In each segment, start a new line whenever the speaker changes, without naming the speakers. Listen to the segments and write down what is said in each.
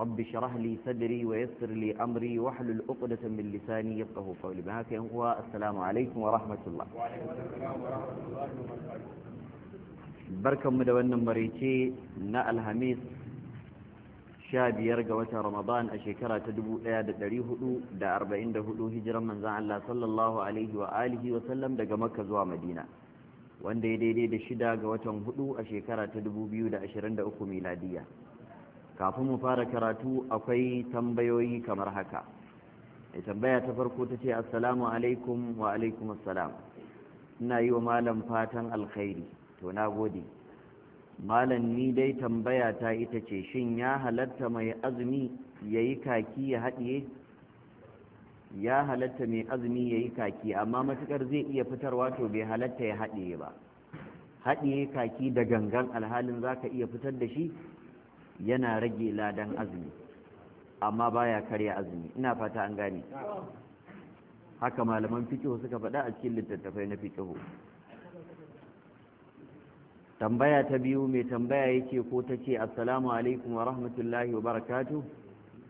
رب شرح لي صدري ويسر لي أمري واحلل عقدة من لساني يفقه قولي بهاك هو السلام عليكم ورحمة الله barkan mu da wannan maraice na alhamis sha biyar ga watan ramadan a shekara ta dubu ɗaya da ɗari hudu da arba'in da hudu hijiran manzan allah sallallahu alaihi wa alihi wa sallam daga makka zuwa madina wanda ya daidai da shida ga watan hudu a shekara ta dubu biyu da ashirin da uku miladiya kafin mu fara karatu akwai tambayoyi kamar haka mai tambaya ta farko ta ce assalamu alaikum wa alaikum assalam ina yi wa malam fatan alkhairi to na gode malam ni dai tambaya ta ita ce shin ya halatta mai azumi ya yi kaki ya haɗiye ya halatta mai azumi ya yi kaki amma matukar zai iya fitarwa to bai halatta ya haɗiye ba haɗiye kaki da gangan alhalin za ka iya fitar da shi yana rage ladan azumi amma baya karya azumi ina fata an gane haka malaman fikihu suka faɗa a cikin littattafai na fikihu tambaya ta biyu mai tambaya yake ko ta ce assalamu alaikum wa rahmatullahi wa barakatu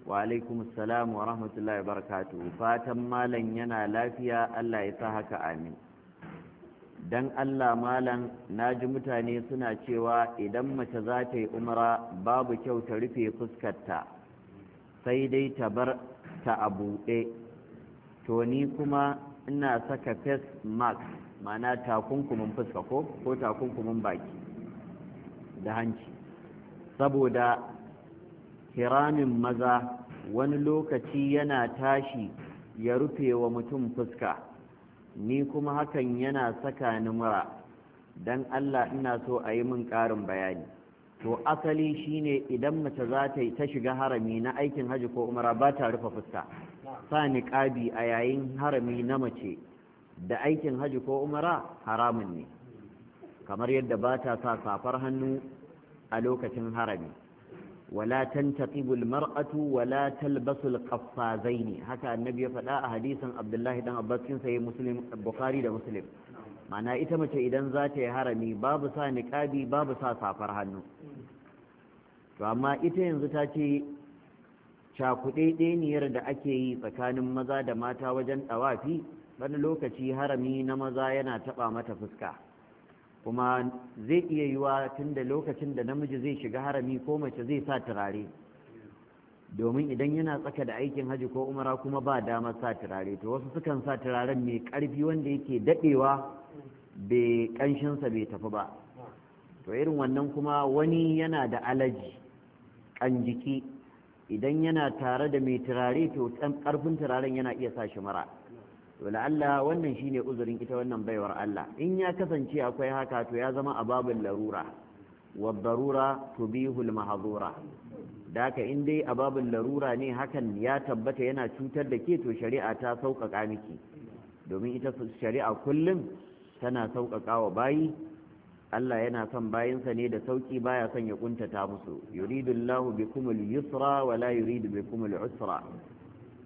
wa alaikum assalam wa rahmatullahi wa barakatu fatan malam yana lafiya Allah ya sa haka amin dan Allah malam na ji mutane suna cewa idan mace za ta yi umara babu kyau ta rufe fuskarta sai dai ta bar ta a buɗe to ni kuma ina saka face mask mana takunkumin fuska ko ko takunkumin baki da hanci saboda kiramin maza wani lokaci yana tashi ya rufe wa mutum fuska ni kuma hakan yana saka ni mura don Allah ina so a yi min ƙarin bayani to asali shine idan mace za ta ta shiga harami na aikin haji ko umara ba ta rufe fuska sa niƙabi a yayin harami na mace da aikin haji ko umara haramun ne kamar yadda ba ta sa safar hannu a lokacin harami wala tantaqibu almar'atu wala ƙaffazai ne. haka annabi ya faɗa a hadisin Abdullahi dan Abbas cikin sahih Muslim da Muslim ma'ana ita mace idan za ta yi harami babu sa niƙabi, babu sa safar hannu to amma ita yanzu ta ce cakuɗeɗeniyar da ake yi tsakanin maza da mata wajen ɗawafi wani lokaci harami na maza yana taɓa mata fuska kuma zai iya yi wa tun da lokacin da namiji zai shiga harami ko mace zai sa turare domin idan yana tsaka da aikin haji ko umara kuma ba damar sa turare to wasu sukan sa turaren mai karfi wanda yake dadewa bai sa bai tafi ba to irin wannan kuma wani yana da alaji kan jiki idan yana tare da mai turare to ƙarfin turaren yana iya sa shi mara to la'alla wannan shine uzurin ita wannan baiwar Allah in ya kasance akwai haka to ya zama ababul larura wa darura tubihul mahdura da in dai ababul larura ne hakan ya tabbata yana cutar da ke to shari'a ta sauƙaƙa miki domin ita shari'a kullum tana sauƙaƙa wa bayi Allah yana son bayinsa ne da sauƙi baya son ya kuntata musu yuridullahu bikumul yusra wala yuridu bikumul usra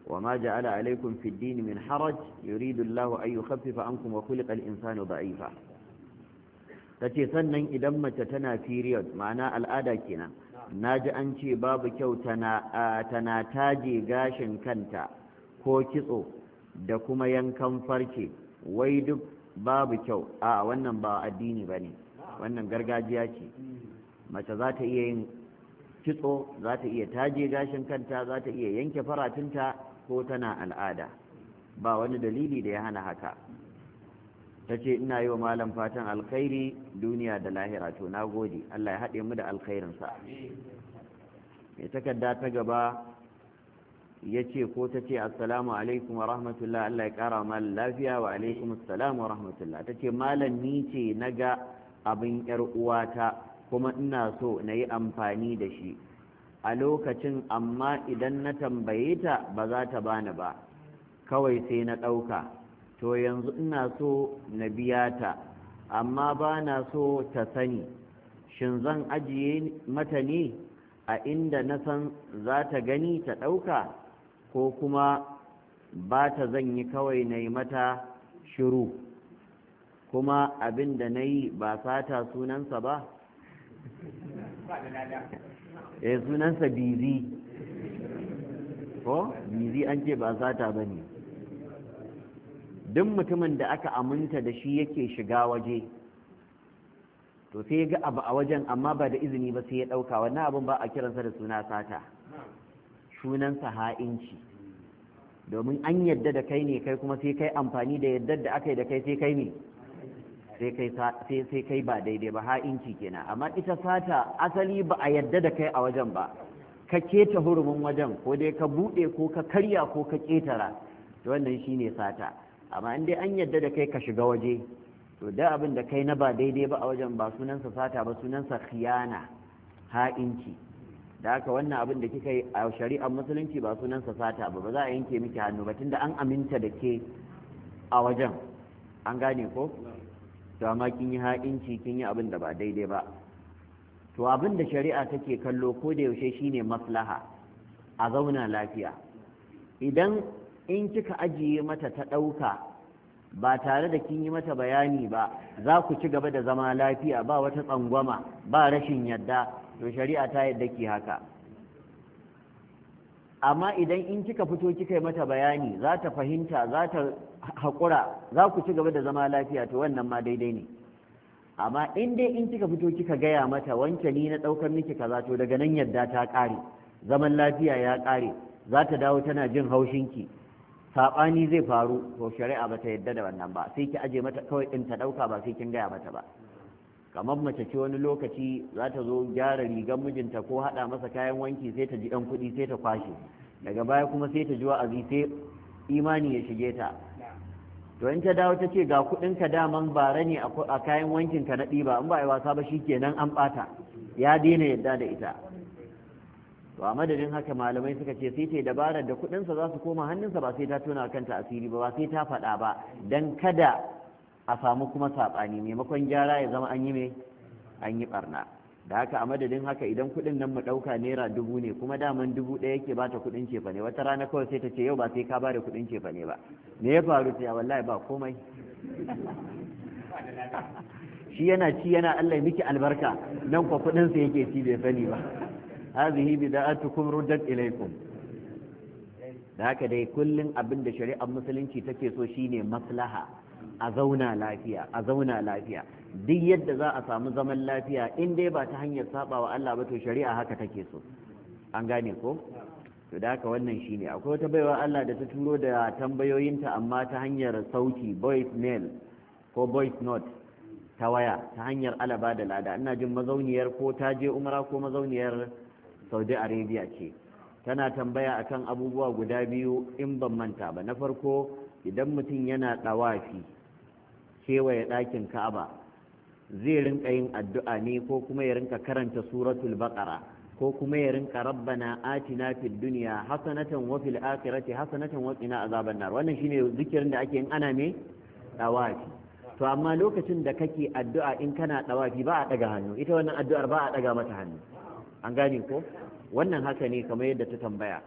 وما جعل عليكم في الدين من حرج يريد الله أن يخفف عنكم وخلق الإنسان ضعيفا tace sannan idan mace tana period ma'ana al'ada kenan ji an ce babu kyau tana taje gashin kanta ko kitso da kuma yankan farce wai duk babu kyau a wannan ba addini ba wannan gargajiya ce mace za iya yin kitso za iya taje gashin kanta zata iya yanke faratinta ko tana al'ada ba wani dalili da ya hana haka ta ce ina yi wa malam fatan alkhairi duniya da lahira to na gode Allah ya haɗe mu da alkhairinsa mai takarda ta gaba ya ce ko ta ce assalamu alaikum wa rahmatullah Allah ya ƙara malam lafiya wa alaikum assalamu wa rahmatullah ta ce malam ni ce na ga abin 'yar uwata kuma ina so na yi amfani da shi a lokacin amma idan na tambaye ta ba za ta bani ba kawai sai na ɗauka to yanzu ina so na biya ta amma ba na so ta sani shin zan ajiye mata ne a inda na san za ta gani ta ɗauka ko kuma ba ta zan yi kawai na yi mata shiru kuma abin da na yi ba sata sunansa ba eh sunansa bizi ko bizi an ce ba sata ba ne duk mutumin da aka aminta da shi yake shiga waje to sai ga abu a wajen amma ba da izini ba sai ya ɗauka wannan abin ba a kiransa da suna sata sunansa ha'inci domin an yadda da kai ne kai kuma sai kai amfani da yadda da aka yi da kai sai kai ne sai kai ba daidai ba ha'inci kenan amma ita sata asali ba a yadda da kai a wajen ba ka keta hurumin wajen ko dai ka buɗe ko ka karya ko ka ƙetara to wannan shi ne sata amma in dai an yadda da kai ka shiga waje to da abin da kai na ba daidai ba a wajen ba sunansa sata ba sunansa khiyana ha'inci da haka wannan abin da kika yi a shari'ar musulunci ba sunansa sata ba ba za a yanke miki hannu ba tunda an aminta da ke a wajen an gane ko to amma kin yi ha'inci kin yi abin da ba daidai ba to abin da shari'a take kallo ko da yaushe shine maslaha a zauna lafiya idan in kika ajiye mata ta ɗauka ba tare da kin yi mata bayani ba za ku ci gaba da zama lafiya ba wata tsangwama ba rashin yadda to shari'a ta yadda ke haka amma idan in kika fito kika yi mata bayani za ta fahimta za ta hakura za ku ci gaba da zama lafiya to wannan ma daidai ne amma in dai in kika fito kika gaya mata wanke ni na ɗaukar miki kaza to daga nan yadda ta kare zaman lafiya ya ƙare za ta dawo tana jin haushin ki saɓani zai faru to shari'a ba ta yadda da wannan ba sai ki aje mata kawai in ta ɗauka ba sai kin gaya mata ba kamar mace ce wani lokaci za ta zo gyara rigar mijinta ko haɗa masa kayan wanki sai ta ji ɗan kuɗi sai ta kwashe daga baya kuma sai ta ji wa'azi sai imani ya shige ta to ta dawo ta ce ga kuɗin ka daman bara ne a kayan wankin ka na ɗiba in ba a yi wasa ba shi kenan an ɓata ya daina yadda da ita to a madadin haka malamai suka ce sai ta yi dabarar da kuɗinsa za su koma hannunsa ba sai ta tona kanta asiri ba ba sai ta faɗa ba dan kada a samu kuma saɓani maimakon gyara ya zama an yi mai an yi ɓarna da haka a madadin haka idan kuɗin nan mu ɗauka naira dubu ne kuma daman dubu ɗaya yake ba ta kuɗin cefa ne wata rana kawai sai ta ce yau ba sai ka ba da kuɗin cefa ne ba me ya faru sai wallahi ba komai shi yana ci yana allai miki albarka nan kwa kuɗin sa yake ci bai sani ba hazihi bida'atukum ruddat ilaykum da haka dai kullun abin da shari'ar musulunci take so shine maslaha a zauna lafiya a zauna lafiya duk yadda za a samu zaman lafiya in dai ba ta hanyar saba wa Allah ba to shari'a haka take so an gane ko to da haka wannan shine akwai wata baiwa Allah da ta turo da tambayoyinta amma ta hanyar sauki voice mail ko voice note ta waya ta hanyar alaba da lada ina jin mazauniyar ko ta je umra ko mazauniyar saudi arabia ce tana tambaya akan abubuwa guda biyu in ban manta ba na farko idan mutum yana ɗawafi kewaye ɗakin ka'aba zai rinka yin addu'a ne ko kuma ya rinka karanta suratul baqara ko kuma ya rinka rabbana atina fid dunya hasanatan wa fil akhirati hasanatan wa qina azaban nar wannan shine zikirin da ake yin ana me dawafi to amma lokacin da kake addu'a in kana dawafi ba a daga hannu ita wannan addu'ar ba a daga mata hannu an gane ko wannan haka ne kamar yadda ta tambaya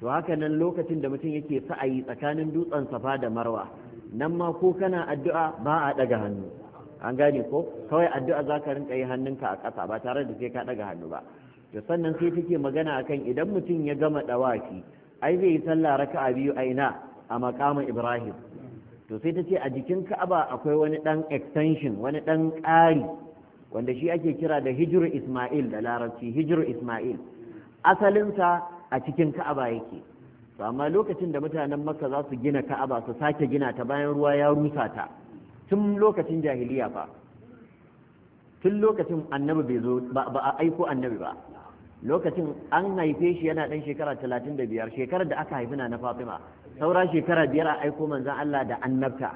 to haka nan lokacin da mutum yake sa'ayi tsakanin dutsen safa da marwa nan ma ko kana addu'a ba a ɗaga hannu an gane ko kawai addu'a za ka rinka yi hannunka a ƙasa ba tare da sai ka ɗaga hannu ba to sannan sai take magana akan idan mutum ya gama ɗawaki ai zai yi sallah raka'a biyu a ina a maƙamin ibrahim to sai ta ce a jikin ka'aba akwai wani ɗan extension wani ɗan ƙari wanda shi ake kira da hijiru isma'il da larabci hijiru isma'il asalinsa a cikin ka'aba yake to amma lokacin da mutanen makka za su gina ka'aba su sake gina ta bayan ruwa ya rusa ta tun lokacin jahiliya fa tun lokacin annabi bai zo ba a aiko annabi ba lokacin an haife shi yana ɗan shekara talatin da biyar shekarar da aka haifi na na fatima saura shekara biyar a aiko manzan allah da annabta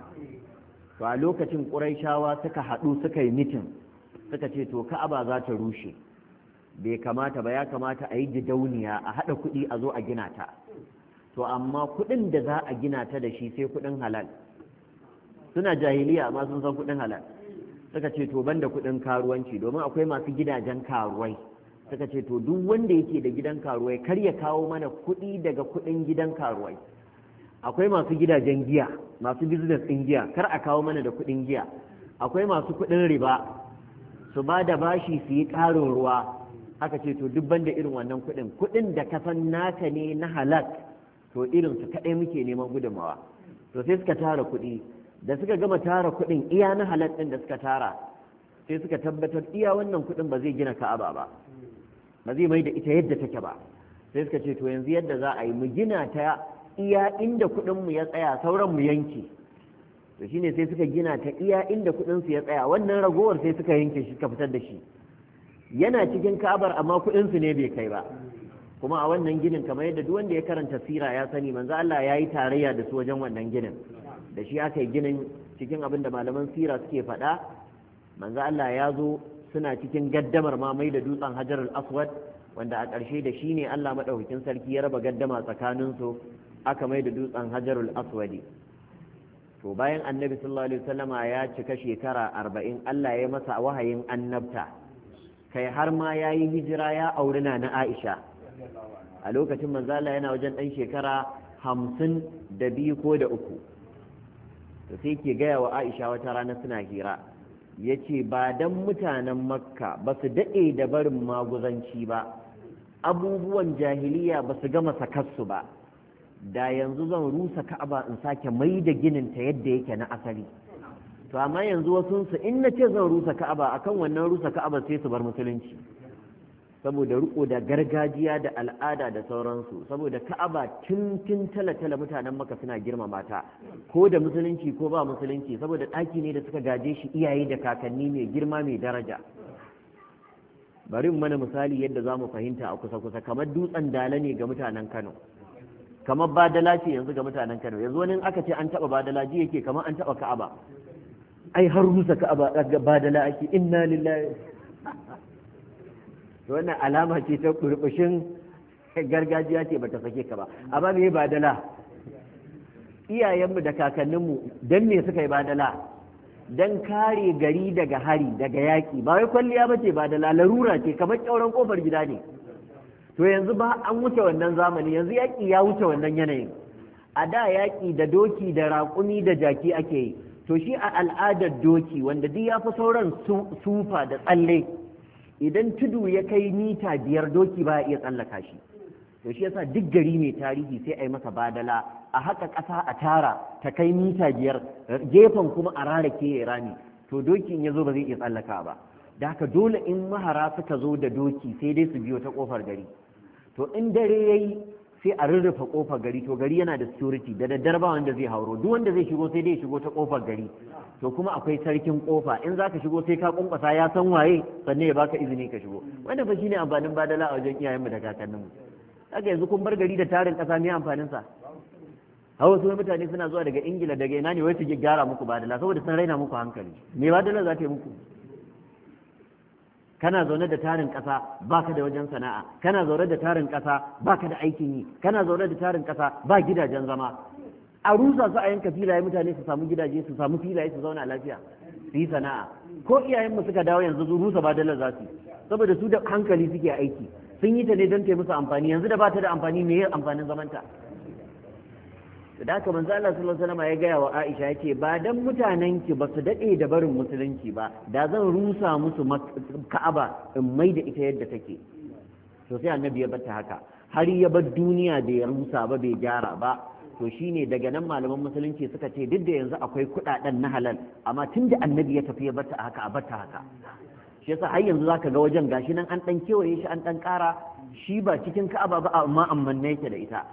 to a lokacin ƙuraishawa suka haɗu suka yi mitin suka ce to ka'aba za ta rushe bai kamata ba ya kamata a yi gidauniya a haɗa kuɗi a zo a gina ta to amma kuɗin da za a gina ta da shi sai kuɗin halal suna jahiliya amma sun san kuɗin halal suka ce to banda kuɗin karuwanci domin akwai masu gidajen karuwai suka ce to duk wanda yake da gidan karuwai kar ya kawo mana kuɗi daga kuɗin gidan karuwai akwai masu gidajen giya masu business din giya kar a kawo mana da kuɗin giya akwai masu kuɗin riba su ba da bashi su yi ƙarin ruwa aka ce to duk banda irin wannan kuɗin kuɗin da kasan naka ne na halal to irin su kaɗai muke neman gudunmawa to sai suka tara kuɗi da suka gama tara kuɗin iya na halattun da suka tara sai suka tabbatar iya wannan kuɗin ba zai gina ka'aba ba ba zai mai da ita yadda take ba sai suka ce to yanzu yadda za a yi mu gina ta iya inda kuɗin mu ya tsaya sauran mu yanke to shine sai suka gina ta iya inda kuɗin su ya tsaya wannan ragowar sai suka yanke shi suka fitar da shi yana cikin ka'abar amma kuɗin su ne bai kai ba kuma a wannan ginin kamar yadda duk wanda ya karanta sira ya sani manzo Allah ya yi tarayya da su wajen wannan ginin da shi aka yi ginin cikin abin da malaman sira suke faɗa manzo Allah ya zo suna cikin gaddamar ma mai da dutsen hajarul aswad wanda a ƙarshe da shi ne Allah maɗaukakin sarki ya raba gaddama su aka mai da dutsen hajarul aswadi to bayan annabi sallallahu alaihi wasallama ya cika shekara arba'in Allah ya masa wahayin annabta kai har ma ya yi hijira ya auri na na Aisha a lokacin manzala yana wajen ɗan shekara hamsin da biyu ko da uku ta sai ke gaya wa aisha wata rana suna hira ya ce ba don mutanen makka ba su daɗe da barin maguzanci ba abubuwan jahiliya ba su gama sakarsu ba da yanzu zan rusa ka'aba in sake mai da ginin ta yadda yake na asali to amma yanzu wasu su in na ce zan rusa ka'aba akan wannan rusa ka'aba sai su bar musulunci saboda riko da gargajiya da al'ada da sauransu saboda ka'aba tun tun talatala mutanen maka suna girmama ta ko da musulunci ko ba musulunci saboda ɗaki ne da suka gaje shi iyaye da kakanni mai girma mai daraja bari mana misali yadda za mu fahimta a kusa-kusa kamar dutsen dala ne ga mutanen kano kamar badala ce yanzu ga mutanen kano yanzu wani aka ce an taɓa badala ji yake kamar an taɓa ka'aba ai har rusa ka'aba badala ake inna lillahi da wannan alama ce ta kurbushin gargajiya ce bata sake ka ba amma me badala iyayenmu da kakanninmu dan me suka yi badala dan kare gari daga hari daga yaƙi ba wai kwalliya ba ce badala larura ce kamar kyauran kofar gida ne to yanzu ba an wuce wannan zamani yanzu yaƙi ya wuce wannan yanayin a da yaƙi da doki da raƙumi da jaki ake yi to shi a al'adar doki wanda duk ya fi sauran sufa da tsalle idan tudu ya kai mita biyar doki ba iya tsallaka shi to shi yasa duk gari mai tarihi sai a yi masa badala a haka ƙasa a tara ta kai mita biyar gefen kuma a rarake ya rami to doki in ya zo ba zai iya tsallaka ba da haka dole in mahara suka zo da doki sai dai su biyo ta kofar gari to in dare ya yi sai a rurrufe kofar gari to gari yana da security da daddare ba wanda zai hauro duk wanda zai shigo sai dai ya shigo ta kofar gari to kuma akwai sarkin kofa in za ka shigo sai ka kunkwasa ya san waye sannan ya baka izini ka shigo wannan fa shine amfanin badala a wajen iyayenmu da kakanninmu haka yanzu kun bar gari da tarin kasa me amfanin sa har su mutane suna zuwa daga ingila daga ina ne wai su gyara muku badala saboda sun raina muku hankali me badala za ta yi muku kana zaune da tarin ƙasa baka da wajen sana'a kana zaune da tarin ƙasa baka da aikin yi kana zaune da tarin ƙasa ba gidajen zama a rusa su a yanka filaye mutane su samu gidaje su samu filaye su zauna lafiya su yi sana'a ko iyayenmu suka dawo yanzu su rusa ba dala za su saboda su da hankali suke aiki sun yi ta ne don taimaka amfani yanzu da ba ta da amfani me amfanin zamanta da haka manzo Allah sallallahu alaihi wasallam ya gaya wa Aisha yace ba dan mutanen ki ba su dade da barin musulunci ba da zan rusa musu Ka'aba in mai da ita yadda take to sai annabi ya bata haka har ya bar duniya da ya rusa ba bai gyara ba to shi ne daga nan malaman musulunci suka ce duk da yanzu akwai kuɗaɗen na halal amma tun da annabi ya tafi ya bata haka a bata haka shi yasa har yanzu zaka ga wajen gashi nan an dan kewaye shi an dan ƙara shi ba cikin ka'aba ba amma amman ne yake da ita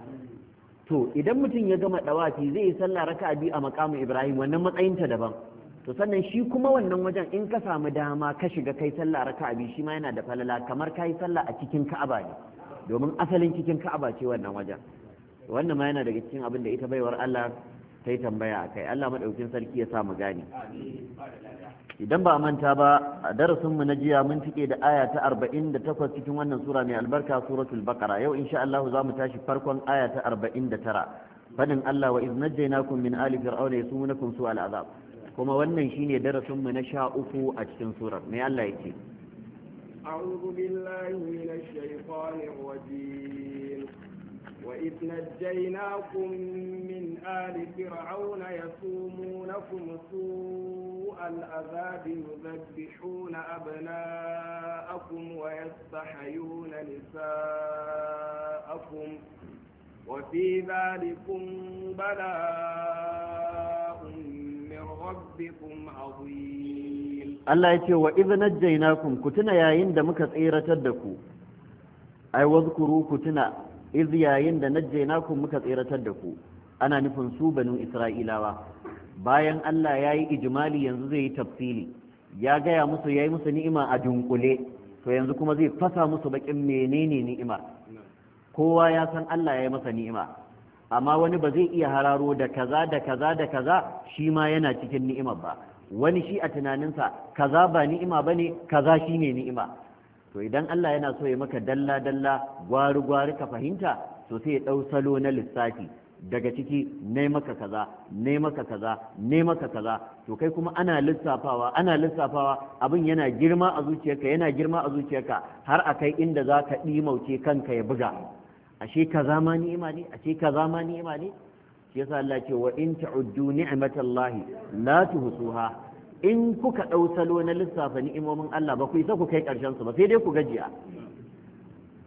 to idan mutum ya gama dawafi zai yi sallah raka'a biyu a makamin Ibrahim wannan matsayin ta daban to sannan shi kuma wannan wajen in ka samu dama ka shiga kai sallah raka'a biyu shi ma yana da falala kamar kai sallah a cikin Ka'aba ne domin asalin cikin Ka'aba ce wannan wajen wannan ma yana daga cikin abin da ita baiwar Allah ta yi tambaya a kai Allah maɗaukin sarki ya sa mu gane idan ba manta ba a darasinmu na jiya mun cike da aya ta arba'in da takwas cikin wannan sura mai albarka suratul baqara yau insha Allah za mu tashi farkon aya ta arba'in da tara fadin Allah wa iz najjaynakum min ali fir'auna yasumunakum su'al azab kuma wannan shine darasinmu na sha uku a cikin surar mai Allah yake أعوذ بالله من الشيطان الرجيم وإذ نجيناكم من آل فرعون يسومونكم سوء العذاب يذبحون أبناءكم ويستحيون نساءكم وفي ذلكم بلاء من ربكم عظيم الله يتوى وإذ نجيناكم كتنا يا عند مكت إيرة تدكو أي واذكروا كتنا iz yayin da na ku muka tseratar da ku ana nufin su banu isra'ilawa bayan Allah ya yi ijimali yanzu zai yi tafsili ya gaya musu ya yi musu ni'ima a dunkule to yanzu kuma zai fasa musu bakin menene ni'ima kowa ya san Allah ya yi masa ni'ima amma wani ba zai iya hararo da kaza da kaza da kaza shi ma yana cikin ni'imar ba wani shi a tunaninsa kaza ba ni'ima ba ne kaza shi ne ni'ima to idan Allah yana so ya maka dalla dalla gwari gwari ka fahimta to sai ya dau salo na lissafi daga ciki ne maka kaza ne maka kaza ne maka kaza to kai kuma ana lissafawa ana lissafawa abin yana girma a zuciyarka yana girma a zuciyarka har a kai inda za ka ɗimauce kanka ya buga ashe ka zama ni'ima ne ashe ka zama ni'ima ne shi yasa Allah ce wa in ta'uddu ni'matallahi la tuhsuha in kuka ɗau salo na lissafa ni'imomin Allah ba ku isa ku kai ƙarshen su ba sai dai ku gajiya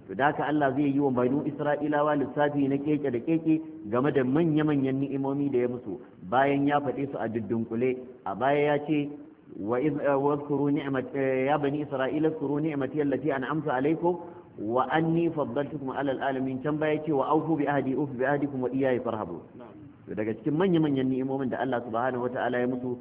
to da haka Allah zai yi wa banu Isra'ilawa lissafi na keke da keke game da manya-manyan ni'imomi da ya musu bayan ya faɗe su a duddunkule a baya ya ce wa eh, wazkuru ni'mat eh, ya bani Isra'ila zkuru ni'mati allati an'amtu alaykum wa anni faddaltukum ala alamin can baya ce wa aufu bi ahdi ufu bi ahdikum wa iyaya farhabu daga cikin manya-manyan ni'imomin da Allah subhanahu wata'ala ya musu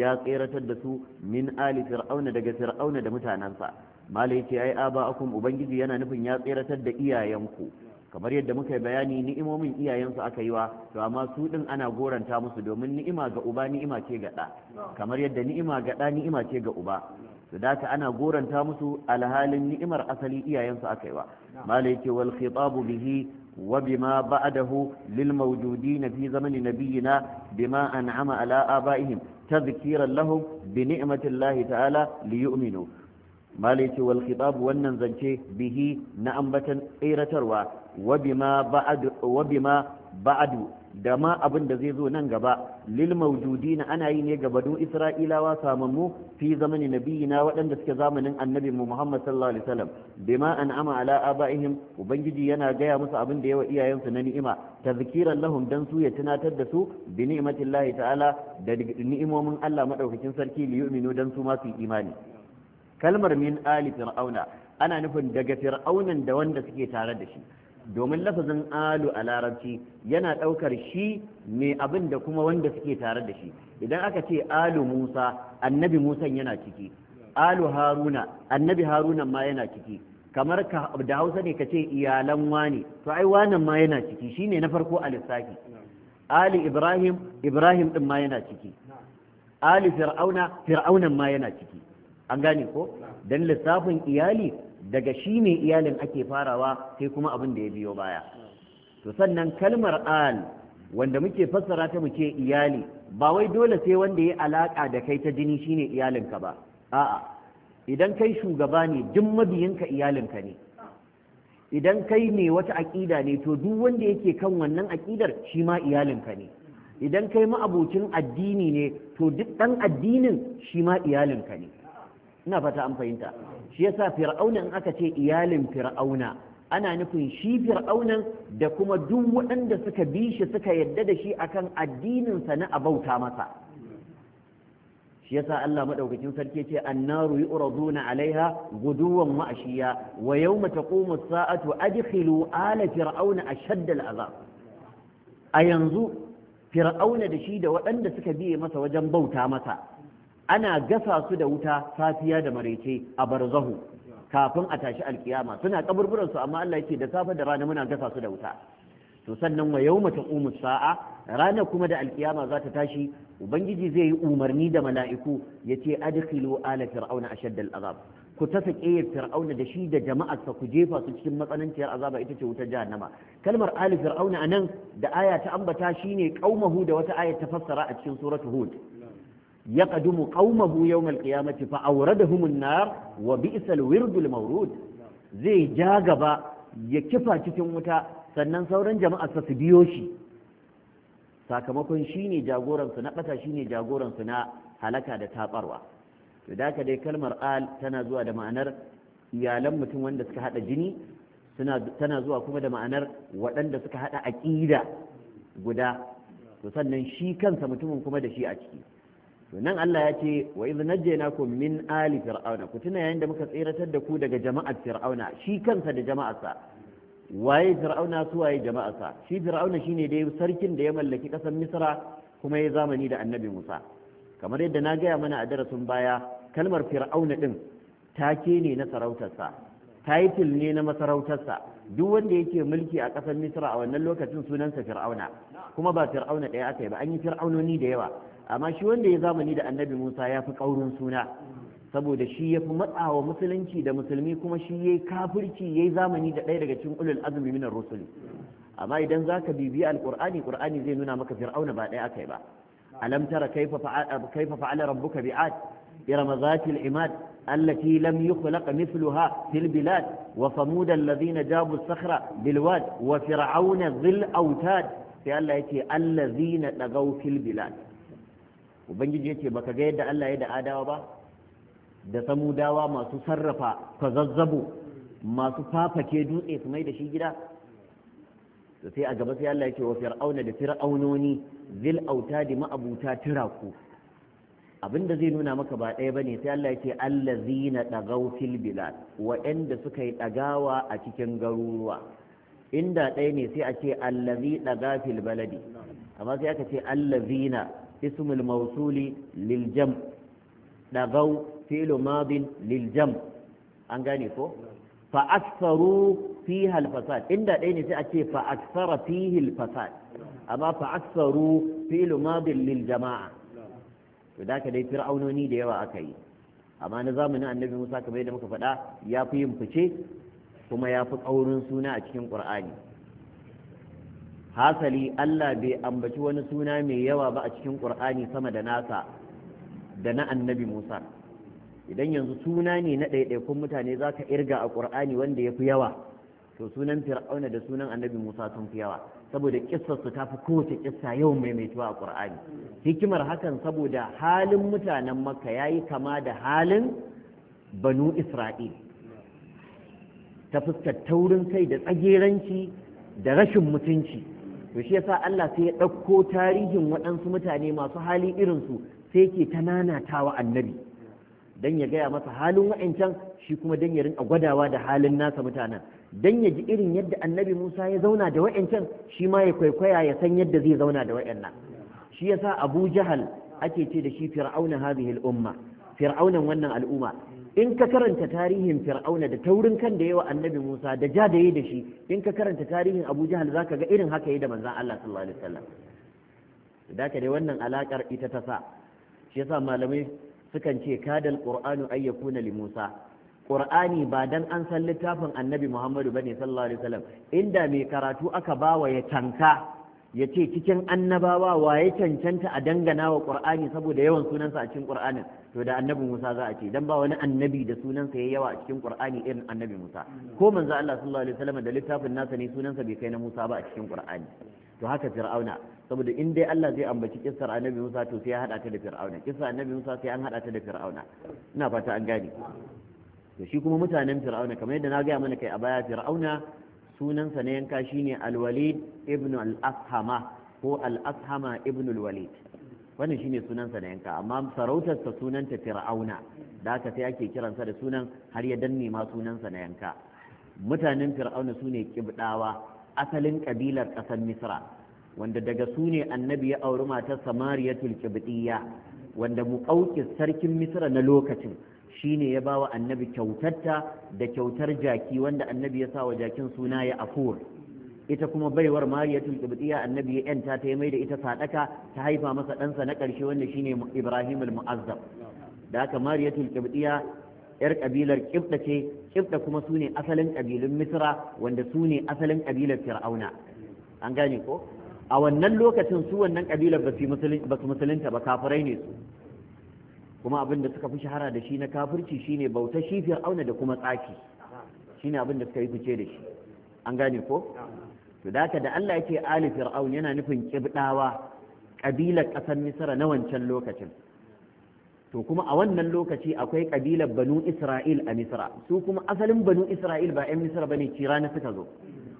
ya tseratar da su min ali fir'auna daga fir'auna da mutanensa malai ce ai aba akum ubangiji yana nufin ya tseratar da iyayenku kamar yadda muka yi bayani ni'imomin iyayensu aka yi wa to amma su din ana goranta musu domin ni'ima ga uba ni'ima ce ga ɗa kamar yadda ni'ima ga ɗa ni'ima ce ga uba to da ana goranta musu alhalin ni'imar asali iyayensu aka yi wa malai ce wal khitabu bihi wa bima ba'dahu lil mawjudin fi zamani nabiyina bima an'ama ala abaihim ta tadhkiran lahum bi ni'matillahi ta'ala liyu'minu malaiti wal khitab wannan zance bihi na ambatan tsiratarwa wa bima ba'adu da ma abin da zai zo nan gaba lil na ana yi ne ga banu isra'ilawa samammu fi zamani na waɗanda suke zamanin annabi mu muhammad sallallahu alaihi wasallam bima ama ala abaihim ubangiji yana gaya musu abin da yawa iyayensu na ni'ima tazkiran lahum dan su ya tunatar da su bi ni'matillahi ta'ala da ni'imomin Allah madaukakin sarki li yu'minu dan su ma su imani kalmar min ali fir'auna ana nufin daga fir'aunan da wanda suke tare da shi domin lafazin alu a larabci yana ɗaukar shi mai abin da kuma wanda suke tare da shi idan aka ce alu musa annabi musan yana ciki alu haruna annabi haruna ma yana ciki kamar da hausa ne ka ce iyalan wani to ai wanan ma yana ciki shine na farko a lissafi ali ibrahim ibrahim ɗin ma yana ciki ali fir'auna fir'aunan ma yana ciki an gane ko dan lissafin iyali daga shi ne iyalin ake farawa sai kuma abin da ya biyo baya to sannan kalmar al wanda muke fassara ta muke iyali ba wai dole sai wanda ya alaka da kai ta jini shine iyalinka ba a'a idan kai shugaba ne duk mabiyinka iyalinka ne idan kai ne wata aƙida ne to duk wanda yake kan wannan aƙidar shi ma iyalinka ne idan kai ma'abocin addini ne to duk ɗan addinin shi ma iyalinka ne ina fata an fahimta shi yasa fir'auna in aka ce iyalin fir'auna ana nufin shi fir'aunan da kuma duk waɗanda suka bi shi suka yadda da shi akan addininsa na abauta masa shi yasa Allah madaukakin sarki ce annaru yu'raduna alaiha guduwan wa ashiya wa yawma taqumu as-sa'atu adkhilu ala fir'auna ashadda al-azab a yanzu fir'auna da shi da waɗanda suka biye masa wajen bauta masa ana gasa su da wuta safiya da maraice a barzahu kafin a tashi alkiyama suna kaburburan su amma Allah yake da safe da rana muna gasa su da wuta to sannan wa yawma taqumu sa'a rana kuma da alkiyama za ta tashi ubangiji zai yi umarni da mala'iku yace adkhilu ala fir'auna ashadda al'azab ku ta sake fir'auna da shi da jama'arsa ku jefa su cikin matsananciyar azaba ita ce wutar jahannama kalmar ali fir'auna anan da aya ta ambata shine qaumahu da wata aya ta fassara a cikin suratu hud يقدم قومه يوم القيامة فأوردهم النار وبئس الورد المورود زي جاغبا يكفى cikin wuta sannan sauran jama'a su biyo shi sakamakon shi ne jagoransu na ɓata shine ne jagoransu na halaka da taɓarwa. to da dai kalmar al tana zuwa da ma'anar iyalan mutum wanda suka haɗa jini tana zuwa kuma da ma'anar waɗanda suka haɗa aƙida guda to sannan shi kansa mutumin kuma da shi a ciki to Allah ya ce wa idh najaynakum min ali fir'auna ku tuna yayin da muka tsiratar da ku daga jama'ar fir'auna shi kansa da jama'arsa waye fir'auna su waye jama'arsa shi fir'auna shine dai sarkin da ya mallaki kasar misra kuma ya zamani da annabi musa kamar yadda na gaya mana a darasin baya kalmar fir'auna din take ne na sarautarsa title ne na masarautarsa duk wanda yake mulki a ƙasar misra a wannan lokacin sunansa fir'auna kuma ba fir'auna ɗaya aka yi ba an yi fir'aunoni da yawa amma shi wanda ya zamani da annabi musa ya fi ƙaurin suna saboda shi ya fi matsawa musulunci da musulmi kuma shi ya yi kafirci ya yi zamani da ɗaya daga cikin ulul azumi minar rusuli amma idan za ka bibiyi alƙur'ani ƙur'ani zai nuna maka fir'auna ba ɗaya aka yi ba alam tara kaifa fa'ala rabbuka bi'ad irama zatil imad التي لم يخلق مثلها في البلاد وصمود الذين جابوا الصخرة بالواد وفرعون ذي الأوتاد في الله الذين لغوا في البلاد ubangiji yace baka ga yadda Allah ya da adawa ba da samudawa masu sarrafa kwazazzabo masu fafake dutse su mai da shi gida da sai a gaba sai Allah yake wa fir'auna da fir'aunoni zil autadi ma'abuta tiraku abinda zai nuna maka ba ɗaya bane sai Allah yake allazina dagaw fil bilad waɗanda suka yi dagawa a cikin garuruwa inda ɗaya ne sai a ce allazi dagafil baladi amma sai aka ce allazina اسم الموصول للجمع دغوا فعل ماض للجمع an gane ko fa aktharu fiha al-fasad inda dai ne sai a ce fa fasad amma fa aktharu fi'l lil jama'a to da ka dai fir'aunoni da yawa aka yi amma na zamanin annabi Musa kamar yadda muka faɗa ya fi yin fice kuma ya fi ƙaurin suna a cikin Qur'ani hasali Allah bai ambaci wani suna mai yawa ba a cikin Qur'ani sama da nasa da na annabi Musa idan yanzu suna ne na ɗaiɗaikun mutane za ka irga a ƙur'ani wanda ya fi yawa to sunan fir'auna da sunan annabi musa sun fi yawa saboda kissarsu ta fi kowace kissa yawan maimaituwa a ƙur'ani hikimar hakan saboda halin mutanen makka ya yi kama da halin banu isra'il ta fuskar taurin kai da tsageranci da rashin mutunci to shi yasa Allah sai ya ɗauko tarihin waɗansu mutane masu hali irin su sai ke ta nanatawa annabi dan ya gaya masa halin wa'ancan shi kuma dan ya rinka gwadawa da halin nasa mutanen dan ya ji irin yadda annabi Musa ya zauna da wa'ancan shi ma ya kwaikwaya ya san yadda zai zauna da wa'annan shi yasa Abu Jahal ake ce da shi fir'auna hadhihi al-umma fir'aunan wannan al'umma in ka karanta tarihin fir'auna da taurin kan da yawa annabi musa da ja da yi da shi in ka karanta tarihin abu jahal ka ga irin haka yi da manzan allah sallallahu alaihi wasallam da ka dai wannan alakar ita ta sa shi yasa malamai sukan ce kadal qur'anu ayyakuna li musa qur'ani ba dan an san littafin annabi muhammadu bane sallallahu alaihi wasallam inda mai karatu aka bawa ya tanka ya ce cikin annabawa ya cancanta a dangana wa ƙur'ani saboda yawan sunansa a cikin ƙur'anin to da annabi musa za a ce don ba wani annabi da sunansa ya yawa a cikin ƙur'ani irin annabi musa ko manzo allah sallallahu alaihi wasallam da littafin nasa ne sunansa bai kai na musa ba a cikin ƙur'ani to haka fir'auna saboda in dai allah zai ambaci kissar annabi musa to sai ya hada ta da fir'auna kissar annabi musa sai an hada ta da fir'auna ina fata an gane to shi kuma mutanen fir'auna kamar yadda na gaya mana kai a baya fir'auna sunansa na yanka shine al-walid ibn al-ashama ko al-ashama ibn al-walid wannan shine sunansa na yanka amma sarautarsa sunanta fir'auna da aka sai ake kiransa da sunan har ya danne ma sunansa na yanka mutanen fir'auna sune kibdawa asalin kabilar ƙasar misra wanda daga su ne annabi ya auri matar samariyatul kibdiyya wanda mu ƙauke sarkin misra na lokacin shine ya bawa annabi kyautarta da kyautar jaki wanda annabi ya sa wa jakin suna ya afur ita kuma baiwar mariyatul qibtiyya annabi ya yanta ta mai da ita sadaka ta haifa masa ɗansa na ƙarshe wanda shine ibrahim al-mu'azzab da haka mariyatul qibtiyya yar kabilar qibta ce qibta kuma sune asalin kabilun misra wanda sune asalin kabilar fir'auna an gane ko a wannan lokacin su wannan kabilar ba su musulunta ba kafirai ne su kuma abin da suka fi shahara da shi na kafirci shine bauta shi fir'auna da kuma tsaki shine abin da suka yi fice da shi an gane ko to da da Allah yake ali fir'aun yana nufin kibdawa kabilar kasar misra na wancan lokacin to kuma a wannan lokaci akwai kabilar banu isra'il a misra su kuma asalin banu isra'il ba 'yan misra bane kira na suka zo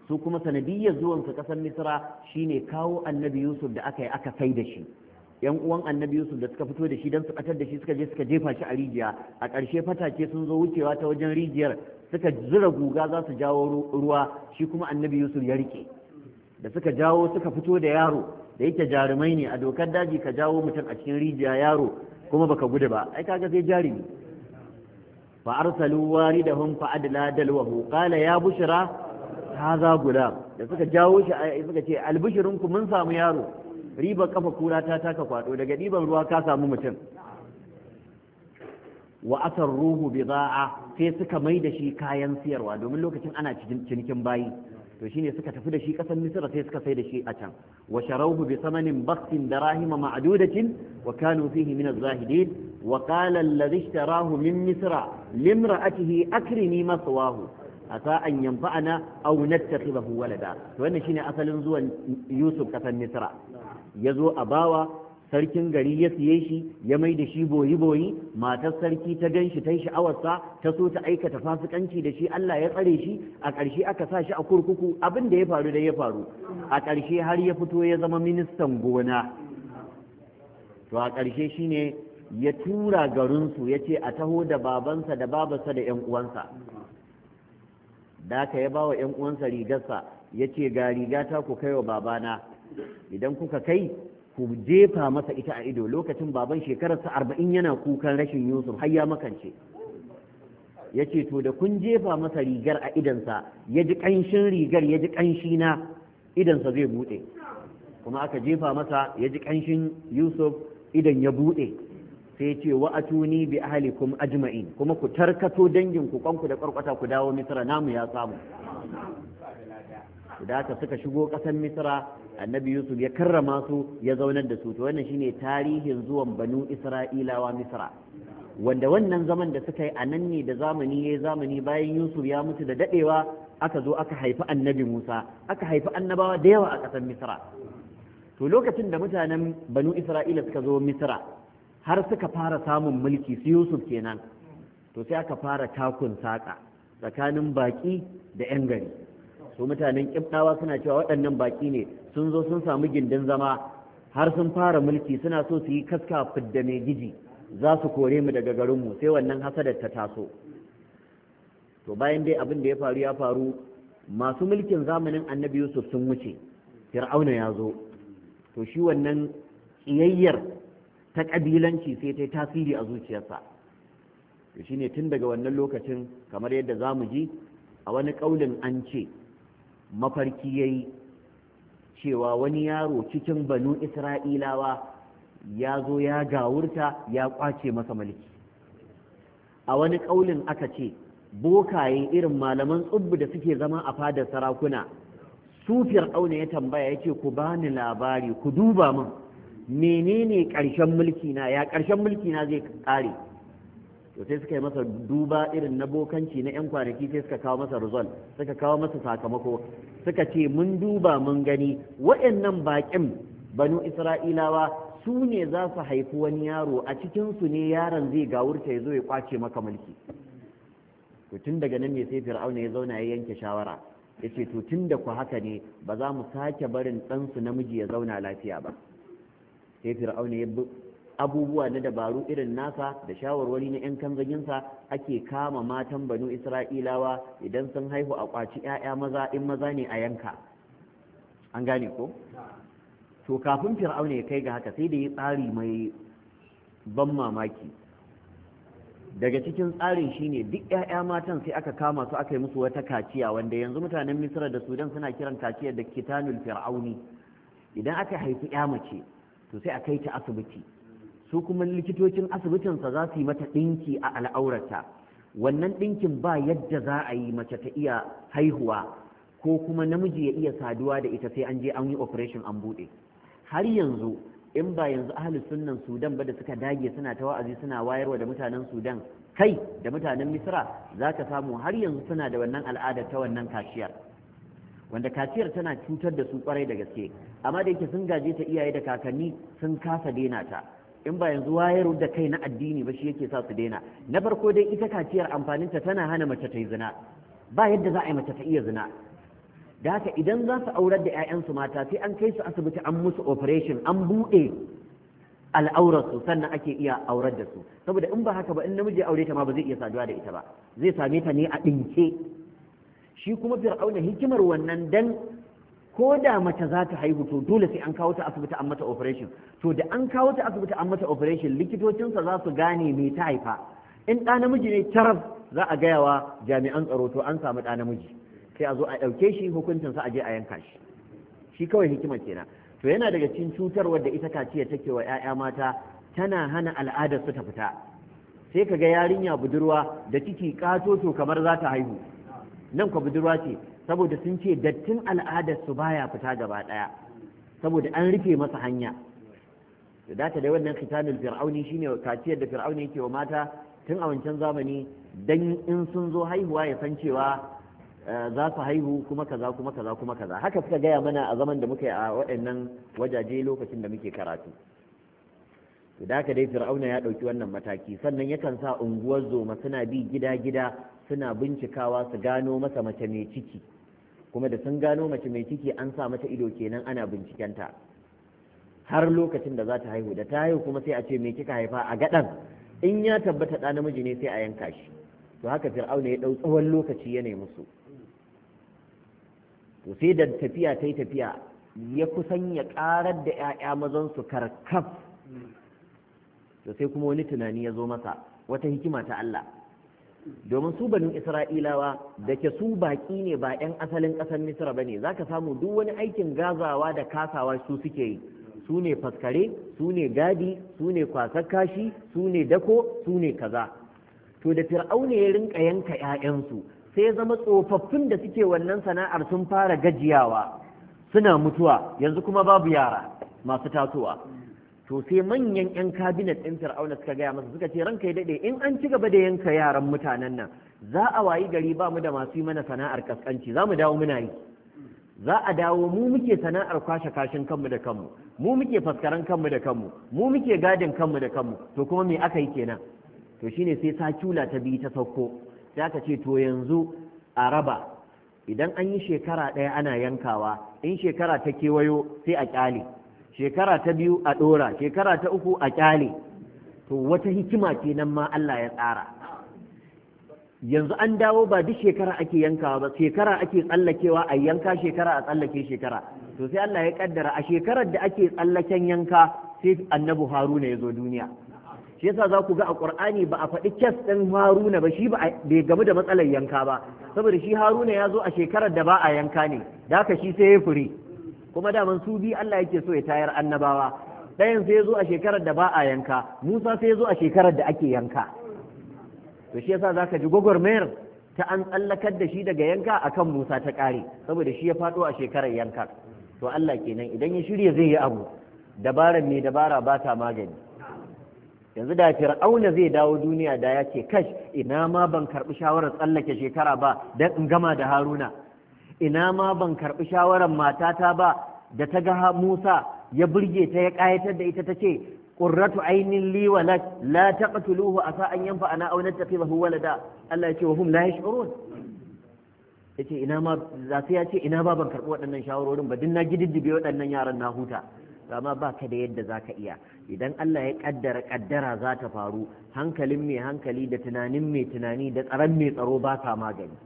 su kuma sanadiyyar zuwan su kasar misra shine kawo annabi yusuf da aka yi aka kai da shi yan uwan annabi yusuf da suka fito da shi don su katar da shi suka je suka jefa shi a rijiya a ƙarshe fatake sun zo wucewa ta wajen rijiyar suka zura guga za su jawo ruwa shi kuma annabi yusuf ya rike da suka jawo suka fito da yaro da yake jarumai ne a dokar daji ka jawo mutum a cikin rijiya yaro kuma baka gudu ba ai kaga sai jarumi fa arsalu waridahum fa adla dalwahu qala ya bushra hadha gulam da suka jawo shi suka ce albishirinku mun samu yaro ribar kafa kura ta taka kwado daga ɗiban ruwa ka samu mutum wa asar ruhu Biza'a sai suka mai da shi kayan siyarwa domin lokacin ana cinikin bayi to shine suka tafi da shi kasan misra sai suka sai da shi a can wa sharawhu bi samanin baksin darahima ma'dudatin wa kanu fihi min az-zahidin wa qala alladhi ishtarahu min misra limra'atihi akrimi maswahu asa an yanfa'ana aw nattakhidahu walada to wannan shine asalin zuwan Yusuf kasan Misra yazo a bawa sarkin gari ya siye shi ya mai da shi boyi-boyi matar sarki ta gan shi ta yi sha'awarsa ta so ta aikata fasikanci da shi Allah ya tsare shi a ƙarshe aka sa shi a kurkuku abin da ya faru da ya faru a ƙarshe har ya fito ya zama ministan gona to a ƙarshe shine ya tura garinsu ya ce a taho da babansa da babarsa da 'yan uwansa da ka ya ba wa 'yan uwansa rigarsa ya ce ga rigata ku kai wa babana idan kuka kai ku jefa masa ita a ido lokacin baban shekararsa arba'in yana kukan rashin yusuf har ya makance ya ce to da kun jefa masa rigar a idansa ya ji ƙanshin rigar ya ji ƙanshi na idansa zai buɗe kuma aka jefa masa ya ji ƙanshin yusuf idan ya buɗe sai ce wa tuni bi ahlikum ajma'in kuma ku tarkato dangin ku kanku da karkwata ku dawo misra namu ya samu da haka suka shigo ƙasar misra annabi yusuf ya karrama su ya zaunar da su to wannan shine tarihin zuwan banu isra'ilawa misra wanda wannan zaman da suka yi a nan ne da zamani ya zamani bayan yusuf ya mutu da dadewa aka zo aka haifi annabi musa aka haifi annabawa da yawa a ƙasar misra to lokacin da mutanen banu isra'ila suka zo misra har suka fara samun mulki su yusuf kenan to sai aka fara takun saƙa tsakanin baƙi da 'yan gari su mutanen ƙibɗawa suna cewa waɗannan baƙi ne sun zo sun samu gindin zama har sun fara mulki suna so su yi kaska fidda mai giji za su kore mu daga garinmu sai wannan hasadar ta taso to bayan dai abin da ya faru ya faru masu mulkin zamanin annabi yusuf sun wuce fir'auna ya zo to shi wannan ƙiyayyar ta ƙabilanci sai ta yi tasiri a zuciyarsa shi ne tun daga wannan lokacin kamar yadda za mu ji a wani ƙaunin an ce mafarki ya yi cewa wani yaro cikin banu isra'ilawa ya zo ya gawurta ya ƙwace masa mulki a wani ƙaunin aka ce bokaye irin malaman tsubbu da suke zama a fadar sarakuna sufiyar ƙaunin ya tambaya ya ce ku bani labari ku duba min menene ƙarshen mulki na ya ƙarshen mulki na zai ƙare to sai suka yi masa duba irin na bokanci na 'yan kwanaki sai suka kawo masa rizal suka kawo masa sakamako suka ce mun duba mun gani waɗannan baƙin banu isra'ilawa su ne za su haifi wani yaro a cikinsu ne yaron zai gawurta ya zo ya kwace maka mulki to tun daga nan ne sai fir'auna ya zauna ya yanke shawara ya ce to tun da ku haka ne ba za mu sake barin ɗansu namiji ya zauna lafiya ba sai fir'auna ya abubuwa na dabaru irin nasa da shawarwari na 'yan kanzaginsa ake kama matan banu isra'ilawa idan sun haihu a kwaci 'ya'ya maza in maza ne a yanka an gane ko to kafin fir'auna ya kai ga haka sai da ya tsari mai ban mamaki daga cikin tsarin shine duk 'ya'ya matan sai aka kama su aka yi musu wata kaciya wanda yanzu mutanen misra da sudan suna kiran kaciyar da kitanul fir'auni idan aka haifi 'ya mace to sai a kai ta asibiti su kuma likitocin asibitinsa za su yi mata ɗinki a al'aurata wannan ɗinkin ba yadda za a yi mace ta iya haihuwa ko kuma namiji ya iya saduwa da ita sai an je an yi operation an buɗe har yanzu in ba yanzu ahli sunnan sudan ba da suka dage suna ta wa'azi suna wayarwa da mutanen sudan kai da mutanen misra za ka samu har yanzu suna da wannan al'adar ta wannan kashiyar wanda kaciyar tana cutar da su kwarai da gaske amma da yake sun gaje ta iyaye da kakanni sun kasa daina ta in ba yanzu wayar da kai na addini ba shi yake sa su daina na farko dai ita kaciyar amfaninta tana hana mace ta yi zina ba yadda za a yi mace ta iya zina da haka idan za su aurar da 'ya'yansu mata sai an kai su asibiti an musu operation an buɗe al'aurarsu sannan ake iya aurar da su saboda in ba haka ba in namiji aure ta ma ba zai iya saduwa da ita ba zai same ta ne a ɗinke shi kuma fir'auna hikimar wannan dan ko da mace za ta haihu to dole sai an kawo ta asibiti an mata operation to da an kawo ta asibiti an mata operation likitocinsa za su gane me ta haifa in ɗa namiji ne taraf za a gaya wa jami'an tsaro to an samu ɗa namiji sai a zo a ɗauke shi hukuncinsa a je a yanka shi shi kawai hikimar kenan to yana daga cikin cutarwar wadda ita kaciya take wa 'ya'ya mata tana hana al'adar su ta fita sai ka ga yarinya budurwa da ciki kato to kamar za ta haihu nan kwa budurwa ce saboda sun ce dattin al'adar su baya fita gaba daya saboda an rufe masa hanya da data dai wannan khitanul fir'auni shine kaciyar da fir'auni yake wa mata tun a wancan zamani dan in sun zo haihuwa ya san cewa eh, za su haihu kuma kaza kuma kaza kuma kaza haka suka gaya mana a zaman da muke a waɗannan wajaje lokacin da muke karatu to da haka dai fir'auna ya ɗauki wannan mataki sannan yakan sa unguwar zoma suna bi gida gida suna bincikawa su gano masa mace mai ciki kuma da sun gano mace mai ciki an sa mata ido kenan ana bincikenta har lokacin da za ta haihu da ta haihu kuma sai a ce me kika haifa a gadan in ya tabbata da namiji ne sai a yanka shi to haka fir'auna ya dau tsawon lokaci ya nemi su to sai da tafiya ta yi tafiya ya kusan ya karar da 'ya'ya mazan su karkaf to sai kuma wani tunani ya zo masa wata hikima ta Allah domin su banin isra'ilawa da ke su baƙi ne ba 'yan asalin ƙasar misra ba ne za ka samu duk wani aikin gazawa da kasawa su suke yi su ne faskare su ne gadi su ne kwasar kashi su ne dako su ne kaza to da fir'auna ya rinka yanka 'ya'yansu sai ya zama tsofaffin da suke wannan sana'ar sun fara gajiyawa suna mutuwa yanzu kuma babu yara masu tasowa to sai manyan 'yan kabinet ɗin fir'auna suka gaya masa suka ce ranka ya daɗe in an ci gaba da yanka yaran mutanen nan za a wayi gari ba mu da masu yi mana sana'ar kaskanci za mu dawo muna yi za a dawo mu muke sana'ar kwashe kashin kanmu da kanmu mu muke faskaran kanmu da kanmu mu muke gadin kanmu da kanmu to kuma me aka yi kenan to shine sai sakula ta biyu ta sauko sai aka ce to yanzu a raba idan an yi shekara ɗaya ana yankawa in shekara ta kewayo sai a ƙyale shekara ta biyu a ɗora shekara ta uku a ƙyale to wata hikima ce nan ma Allah ya tsara yanzu an dawo ba duk shekara ake yankawa ba shekara ake tsallakewa a yanka shekara a tsallake shekara to sai Allah ya kaddara a shekarar da ake tsallaken yanka sai annabi haruna ya zo duniya shi yasa za ku ga a ƙur'ani ba a faɗi kes ɗin haruna ba shi ba bai gamu da matsalar yanka ba saboda shi haruna ya zo a shekarar da ba a yanka ne da haka shi sai ya fure kuma daman su bi Allah yake so ya tayar annabawa ɗayan sai ya zo a shekarar da ba a yanka Musa sai ya zo a shekarar da ake yanka to shi yasa zaka ji gwagwarmayar ta an tsallakar da shi daga yanka akan Musa ta ƙare saboda shi ya faɗo a shekarar yanka to Allah kenan idan ya shirya zai yi abu dabarar mai dabara ba ta magani yanzu da fir'auna zai dawo duniya da ya ce kash ina ma ban karɓi shawarar tsallake shekara ba Dan in gama da haruna ina ma ban karɓi shawarar matata ba da ta ga Musa ya burge ta ya ƙayatar da ita ta ce ainihin liwa li la la taqtuluhu asa an yanfa ana aw nattakhidahu walada Allah ya ce wa hum la yash'urun yace ina ma zafi ya ce ina ba ban karɓi waɗannan shawarorin ba din na gididdibe waɗannan yaran na huta amma ba ka da yadda za ka iya idan Allah ya ƙaddara kaddara za ta faru hankalin mai hankali da tunanin mai tunani da tsaron mai tsaro ba sa magani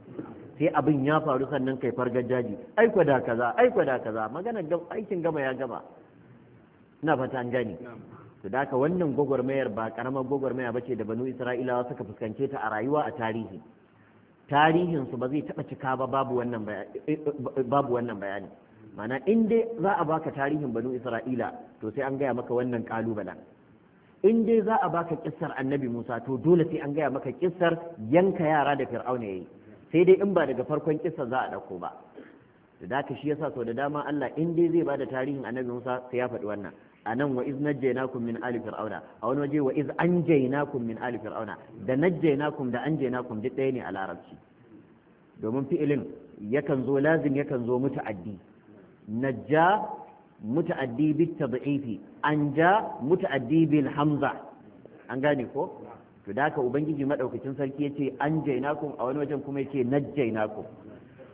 sai abin ya faru sannan kai fargar jaji ai da kaza ai da kaza magana aikin gama ya gama ina fata an gani to da haka wannan gwagwarmayar ba karamar gwagwarmaya ba ce da banu isra'ilawa suka fuskance ta a rayuwa a tarihi Tarihin su ba zai taɓa cika ba babu wannan eh, eh, bayani mana in dai za a baka tarihin banu isra'ila to sai an gaya maka wannan kalubalen in dai za a baka kissar annabi musa to dole sai an gaya maka kissar yanka yara da fir'auna yayi sai dai in ba daga farkon kisa za a dauko ba da daka shi yasa sau da dama Allah in dai zai ba da tarihin annabi Musa sai ya faɗi wannan anan wa iz najjaynakum min ali fir'auna a wani waje wa iz anjaynakum min ali fir'auna da najjaynakum da anjaynakum duk ɗaya ne a larabci domin fi'ilin yakan zo lazim yakan zo muta'addi najja muta'addi bit tad'ifi anja muta'addi bil hamza an gane ko to da haka ubangiji maɗaukacin sarki yace an jaina ku. a wani wajen kuma yace ku.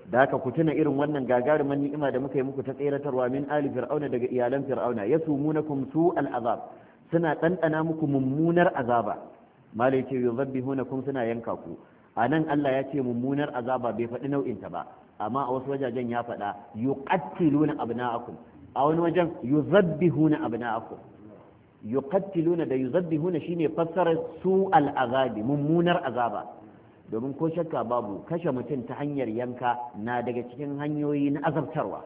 da haka ku tuna irin wannan gagarumin ni'ima da muka yi muku ta tseratarwa min ali fir'auna daga iyalan fir'auna yasumunakum al azab suna ɗanɗana muku mummunar azaba malai ce yuzabbihunakum suna yanka ku a nan Allah ya ce mummunar azaba bai faɗi ta ba amma a wasu wajajen ya faɗa yuqattiluna abna'akum a wani wajen yuzabbihuna abna'akum yuqattiluna da yuzabbihuna shine fassarar su al'azabi mummunar azaba domin ko shakka babu kashe mutum ta hanyar yanka na daga cikin hanyoyi na azabtarwa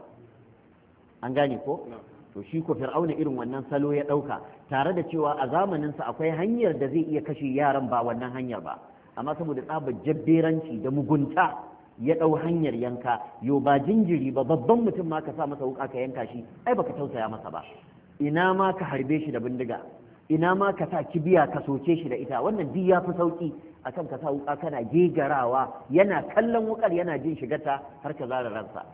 an gane ko to shi ko fir'auna irin wannan salo ya dauka tare da cewa a zamanin sa akwai hanyar da zai iya kashe yaran ba wannan hanyar ba amma saboda tsabar jabberanci da mugunta ya dau hanyar yanka yo ba jinjiri ba babban mutum ma ka sa masa wuka ka yanka shi ai baka tausaya masa ba ina ma ka harbe shi da bindiga ina ma ka sa kibiya ka soke shi da ita wannan duk ya fi sauki akan ka sa wuka kana gegarawa yana kallon wukar yana jin shigarta har ka zara ransa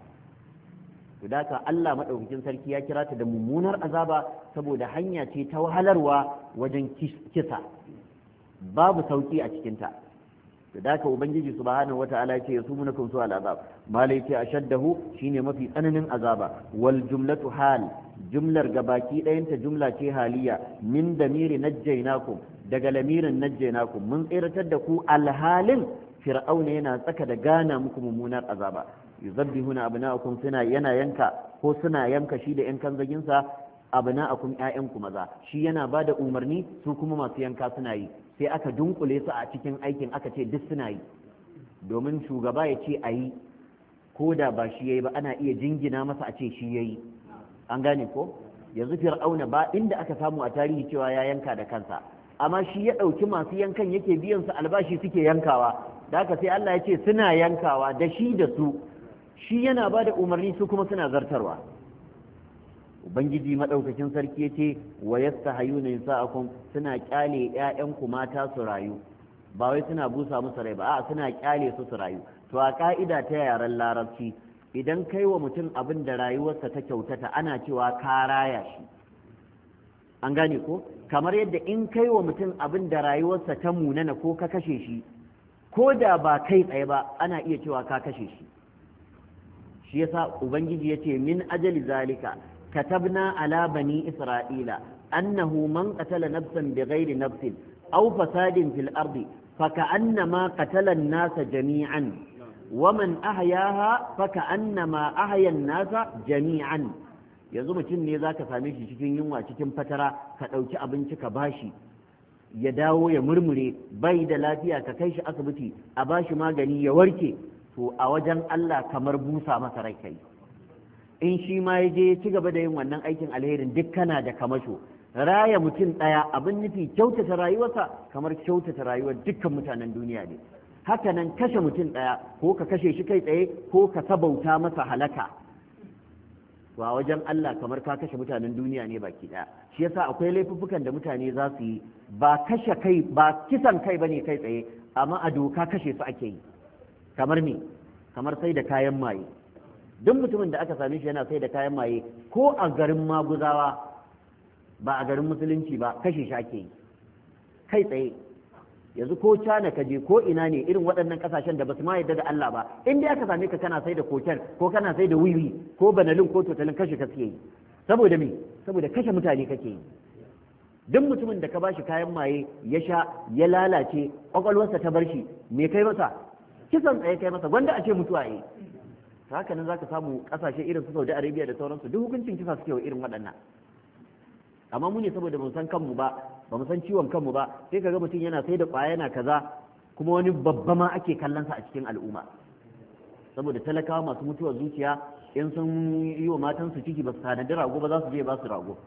to da Allah madaukakin sarki ya kira ta da mummunar azaba saboda hanya ce ta wahalarwa wajen kisa babu sauki a cikinta da daka ubangiji subhanahu wata'ala yake ya sumu nakum su'al azab mala yake ashaddahu shine mafi tsananin azaba wal jumlatu hal jumlar gabaki ɗayanta jumla ce haliya min damiri najjaynakum daga lamirin najjaynakum mun tsiratar da ku alhalin fir'auna yana tsaka da gana muku mummunar azaba na abna'akum suna yana yanka ko suna yanka shi da yan kun abna'akum ƴaƴanku maza shi yana bada umarni su kuma masu yanka suna yi sai aka dunkule su a cikin aikin aka ce duk suna yi domin shugaba ya ce a yi ko da ba shi ya ba ana iya jingina masa a ce shi ya yi an gane ko yanzu fir'auna ba inda aka samu a tarihi cewa ya yanka da kansa amma shi ya ɗauki masu yankan yake biyan su albashi suke yankawa da haka sai Allah ya ce suna yankawa da shi da su shi yana ba da umarni su kuma suna zartarwa ubangiji maɗaukakin sarki yace wa yastahayuna nisa'akum suna ƙyale ƴaƴanku mata su rayu ba wai suna busa musu rai ba a'a suna ƙyale su su rayu to a ƙa'ida ta yaren larabci idan kai wa mutum abin da rayuwarsa ta kyautata ana cewa ka raya shi an gane ko kamar yadda in kai wa mutum abin da rayuwarsa ta munana ko ka kashe shi ko da ba kai tsaye ba ana iya cewa ka kashe shi shi yasa ubangiji ya ce min ajali zalika katabna ala bani isra'ila annahu man qatala nafsan bighairi nafsin aw fasadin fil ardi faka'annama qatala an-nasa jami'an waman ahyaha faka'annama ahya an-nasa jami'an yanzu mutum ne zaka same shi cikin yunwa cikin fatara ka ɗauki abinci ka bashi ya dawo ya murmure bai da lafiya ka kai shi asibiti a bashi magani ya warke to a wajen Allah kamar busa masa rai kai in shi ma ya je ci gaba da yin wannan aikin alherin duk kana da kamasho raya mutum ɗaya abin nufi kyautata rayuwarsa kamar kyautata rayuwar dukkan mutanen duniya ne haka nan kashe mutum ɗaya ko ka kashe shi kai tsaye ko ka sabauta masa halaka wa wajen Allah kamar ka kashe mutanen duniya ne baki ɗaya shi yasa akwai laifuffukan da mutane za su yi ba kashe kai ba kisan kai bane kai tsaye amma a doka kashe su ake yi kamar me kamar sai da kayan maye duk mutumin da aka same shi yana sai da kayan maye ko a garin maguzawa ba a garin musulunci ba kashe shi ake yi kai tsaye yanzu ko cana ka je ko ina ne irin waɗannan kasashen da basu ma yadda da Allah ba in dai aka same ka kana sai da kokar ko kana sai da wiwi ko banalin ko totalin kashe ka suke yi saboda me saboda kashe mutane kake yi duk mutumin da ka bashi kayan maye ya sha ya lalace kwakwalwarsa ta bar shi me kai masa kisan tsaye kai masa gwanda a ce mutuwa yi haka nan zaka samu kasashe irin su Saudi Arabia da sauransu duk hukuncin kisa suke wa irin waɗannan amma mu ne saboda mun san kanmu ba ba mu san ciwon kanmu ba sai kaga mutum yana sai da kwaya yana kaza kuma wani babba ma ake kallon sa a cikin al'umma saboda talakawa masu mutuwar zuciya in sun yi wa matansu ciki ba su tanadi rago ba za su je ba su rago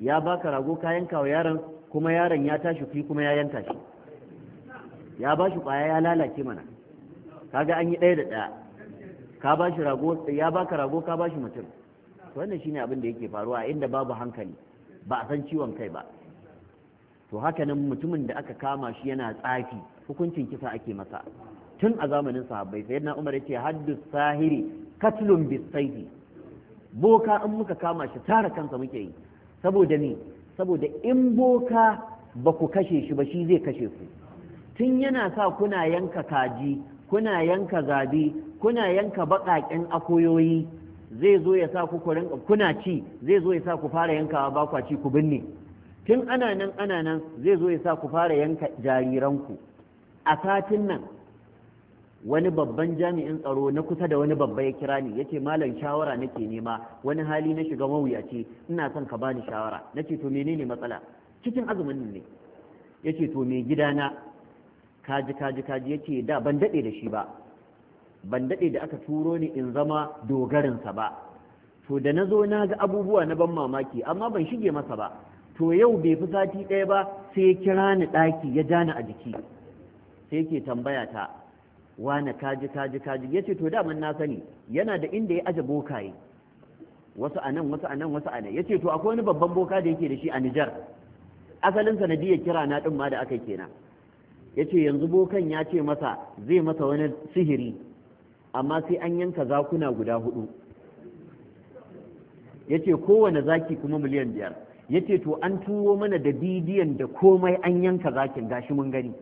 ya baka rago ka yanka wa yaron kuma yaron ya tashi fi kuma ya yanka shi ya ba shi kwaya ya lalace mana kaga an yi ɗaya da ɗaya ka ba shi rago ya baka rago ka ba shi mutum wannan shine abin da yake faruwa inda babu hankali ba a san ciwon kai ba to haka nan mutumin da aka kama shi yana tsafi hukuncin kisa ake masa tun a zamanin sahabbai na umar yace haddu sahiri katlun bisayfi boka in muka kama shi tara kansa muke yi saboda ni saboda in boka ba ku kashe shi ba shi zai kashe ku tun yana sa kuna yanka kaji kuna yanka zabi kuna yanka baƙaƙen akoyoyi zai zo ya sa ku kuna ci zai zo ya sa ku fara yankawa ba kwa ci ku binne tun ana nan ana nan zai zo ya sa ku fara yanka jariranku a satin nan wani babban jami'in tsaro na kusa da wani babba ya kira ni yace malam shawara nake nema wani hali na shiga mawuyaci ina son ka bani shawara nace to menene matsala cikin azumin ne yace to me gidana kaji kaji kaji yace da ban dade da shi ba ban daɗe da aka turo ni in zama dogarinsa ba to da na zo na ga abubuwa na ban mamaki amma ban shige masa ba to yau bai fi sati ɗaya ba sai ya kira ni ɗaki ya ja ni a jiki sai yake tambaya ta wane kaji kaji kaji ya ce to daman na sani yana da inda ya aje bokaye wasu anan wasu anan wasu anan ya ce to akwai wani babban boka da yake da shi a Nijar asalin sanadiyar kira na ɗin ma da aka kenan ya ce yanzu bokan ya ce masa zai masa wani sihiri amma sai an yanka zakuna guda hudu yace kowane zaki kuma miliyan biyar yace to an turo mana da bidiyon da komai an yanka zakin gashi mun gani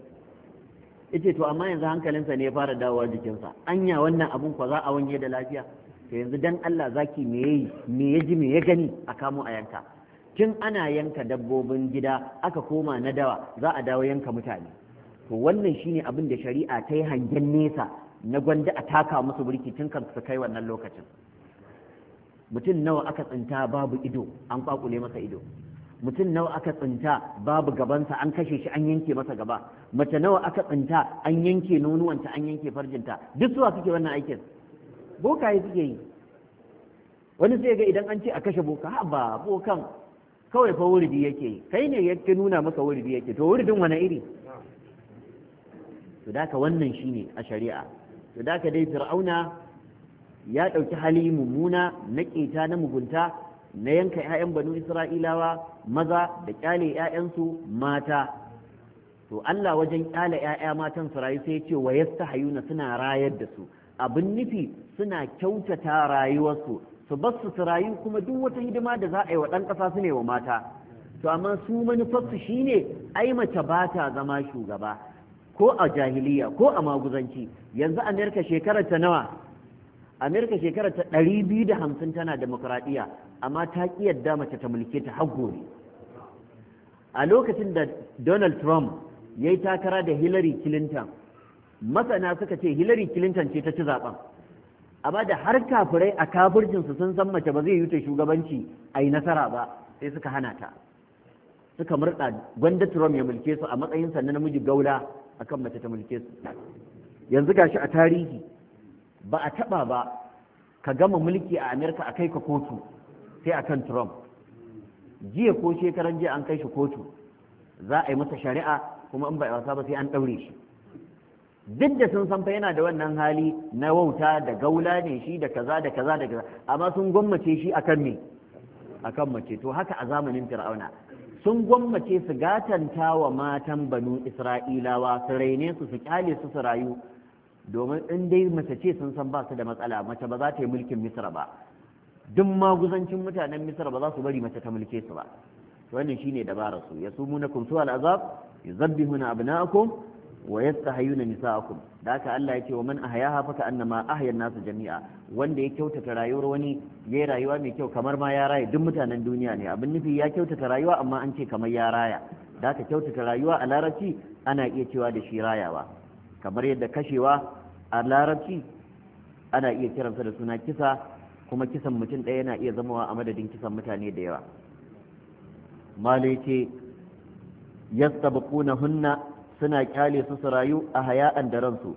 yace to amma yanzu hankalinsa ne ya fara dawowa jikinsa anya wannan abun kwa za a wanye da lafiya to yanzu dan Allah zaki me yayi me ya ji me ya gani a kamo a yanka tun ana yanka dabbobin gida aka koma na dawa za a dawo yanka mutane to wannan shine abin da shari'a ta yi hangen nesa na gwanda a taka musu burki tun kan su kai wannan lokacin mutum nawa aka tsinta babu ido an kwakule masa ido mutum nawa aka tsinta babu gabansa an kashe shi an yanke masa gaba mace nawa aka tsinta an yanke nonuwanta an yanke farjinta duk suwa suke wannan aikin Boka ya suke yi wani sai ga idan an ce a kashe boka ha ba bokan kawai fa wuridi yake yi kai ne yake nuna maka wuridi yake to wuridin wani iri to da wannan shine a shari'a to da ka dai fir'auna ya ɗauki hali mummuna na ƙeta na mugunta na yanka 'ya'yan banu isra'ilawa maza da ƙyale 'ya'yansu mata to Allah wajen ƙyale 'ya'ya matan su rayu sai ce wa yasta hayuna suna rayar da su abin nufi suna kyautata rayuwarsu su bar su su rayu kuma duk wata hidima da za a yi wa ɗan ƙasa su ne wa mata to amma su manufarsu shine ai mace ba ta zama shugaba ko a jahiliya ko a maguzanci yanzu amerika shekarar ta nawa amerika shekarar ta ɗari biyu da hamsin tana demokuraɗiyya amma ta ƙi yadda mace ta mulke ta har gobe a lokacin da donald trump ya yi takara da hillary clinton masana suka ce hillary clinton ce ta ci zaɓen amma da har kafirai a kafircinsu sun san mace ba zai yi ta shugabanci a yi nasara ba sai suka hana ta suka murɗa gwanda trump ya mulke su a matsayinsa na namiji gaula akan mace ta mulke su yanzu gashi a tarihi ba a taba ba ka gama mulki a amerika a kai ka kotu sai akan trump jiya ko shekaran jiya an kai shi kotu za a yi masa shari'a kuma in ba wasa ba sai an daure shi duk da sun san fa yana da wannan hali na wauta da gaula ne shi da kaza da kaza da kaza amma sun gwammace shi akan me akan mace to haka a zamanin fir'auna sun gwammace su gatanta wa matan banu isra'ilawa su raine su su kyale su su rayu domin in dai mace ce sun san ba su da matsala mace ba za ta yi mulkin misra ba duk maguzancin mutanen misra ba za su bari mace ta mulke su ba wannan shine dabarar su yasumunakum su'al azab yuzabbihuna abna'akum wa yastahayuna nisa'akum da haka Allah yake wa man ahyaha fa annama ahya nasu jami'a wanda ya kyautata rayuwar wani yayi rayuwa mai kyau kamar ma ya raya duk mutanen duniya ne abin nufi ya kyautata rayuwa amma an ce kamar ya raya da haka kyautata rayuwa a larabci ana iya cewa da shi rayawa kamar yadda kashewa a larabci ana iya kiransa da suna kisa kuma kisan mutum ɗaya yana iya zamawa a madadin kisan mutane da yawa malai ce hunna suna kyale su su rayu a haya'an da ransu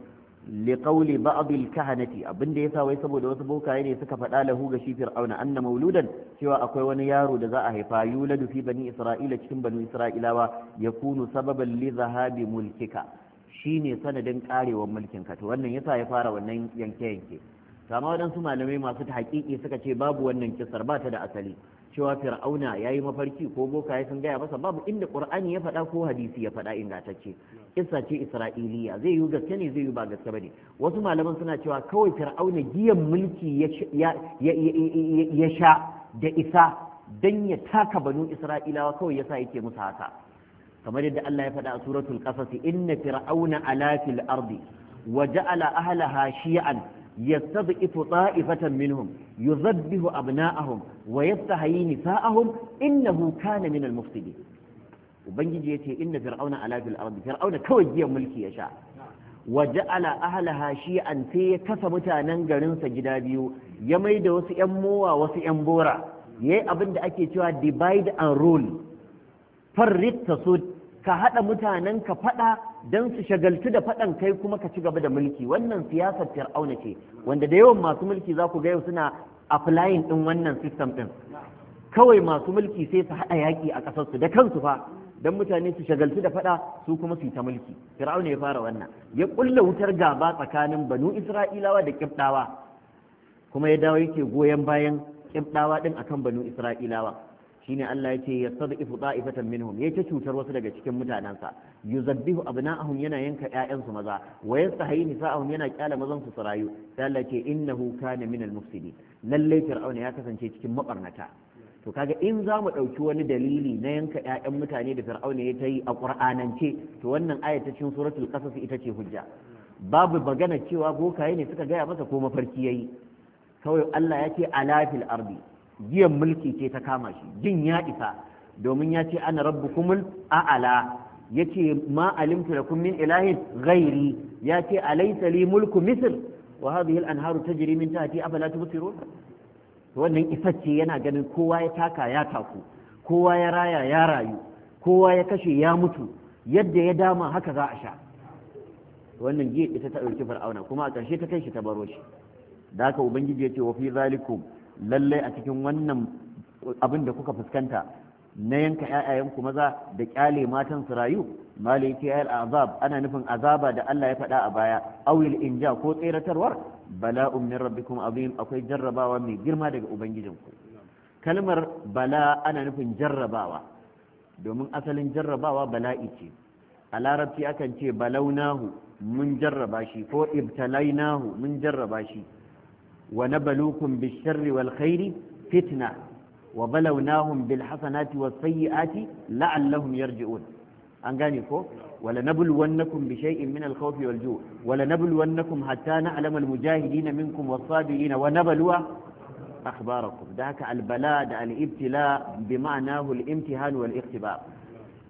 liqauli ba'd al-kahanati abinda yasa wai saboda wasu bokaye ne suka faɗa lahu ga shi fir'auna anna mauludan cewa akwai wani yaro da za a haifa yuladu fi bani isra'ila cikin bani isra'ilawa yakunu sababan li zahabi mulkika shine sanadin karewar mulkin ka to wannan yasa ya fara wannan yanke yanke kama waɗansu malamai masu ta haƙiƙi suka ce babu wannan kisar ba ta da asali cewa fir'auna ya yi mafarki ko boka ya sun gaya masa babu inda qur'ani ya faɗa ko hadisi ya faɗa ingantacce kissa ce isra'iliya zai yi gaske ne zai yi ba gaske bane wasu malaman suna cewa kawai fir'auna giyan mulki ya sha da isa dan ya taka banu isra'ilawa kawai yasa yake musu haka kamar yadda Allah ya faɗa a suratul qasas inna fir'auna ala fil ardi wa ja'ala ahlaha shi'an يستضعف طائفة منهم يذبه أبناءهم ويستحيي نساءهم إنه كان من المفسدين وبنجي يتي إن فرعون على في الأرض فرعون كوجي ملكي يشاء وجعل أهلها شيئا في كسبتا ننقرن سجدا بيو يميد وسي أموا وسي أمبورا يي أبن دا أكي توا divide and rule فرق تصد ka haɗa mutanen ka faɗa don su shagaltu da faɗan kai kuma ka ci gaba da mulki wannan siyasar fir'auna ce wanda da yawan masu mulki za ku ga yau suna applying ɗin wannan system ɗin kawai masu mulki sai su haɗa yaƙi a ƙasarsu da kansu fa don mutane su shagaltu da faɗa su kuma su yi ta mulki fir'auna ya fara wannan ya ƙulla wutar gaba tsakanin banu isra'ilawa da ƙibɗawa kuma ya dawo yake goyon bayan ƙibɗawa ɗin akan banu isra'ilawa shine Allah ya ya ce yace yastadifu da'ifatan minhum yace cutar wasu daga cikin mutanansa yuzabbihu abna'ahum yana yanka ƴaƴansu maza wa nisa nisa'ahum yana kyala mazan su sarayu sai Allah in innahu kana na al-mufsidin lalle fir'auna ya kasance cikin mabarnata to kaga in za mu ɗauki wani dalili na yanka ƴaƴan mutane da fir'auna ya ta yi a ƙur'anance to wannan ayata cikin suratul qasas ita ce hujja babu magana cewa bokaye ne suka gaya masa ko mafarki yayi kawai Allah ya ce ala ardi giyan mulki ke ta kama shi jin ya isa domin ya ce ana rabbukumul a'ala ya ce ma alimtu lakum min ilahin ghairi ce alaysa li mulku misr wa hadhihi al-anharu tajri min tahti afala tubsirun wannan isacce yana ganin kowa ya taka ya taku kowa ya raya ya rayu kowa ya kashe ya mutu yadda ya dama haka za a sha wannan giya ita ta ɗauki fir'auna kuma a ƙarshe ta kai shi ta baro shi da haka ubangiji ya ce wa fi zalikum lallai a cikin wannan abin da kuka fuskanta na yanka ƴaƴayenku maza da kyale matan su rayu Maliki ayal azab ana nufin azaba da Allah ya faɗa a baya awil inja ko tseratarwar bala'un min rabbikum azim akwai jarrabawa mai girma daga ubangijinku kalmar bala ana nufin jarrabawa domin asalin jarrabawa bala'i ce a larabci akan ce balaunahu mun jarraba shi ko ibtalainahu mun jarraba shi Wana nabluukum bish bi wal khairi fitna wa balawnahum bil hasanati was sayyiati la'allahum yarji'un an gane ko wala nabluwannakum bi shay'in hatta na'lama al-mujahidin minkum was-sabirin wa nabluwa akhbarakum da haka al da bi ma'anahu al-imtihan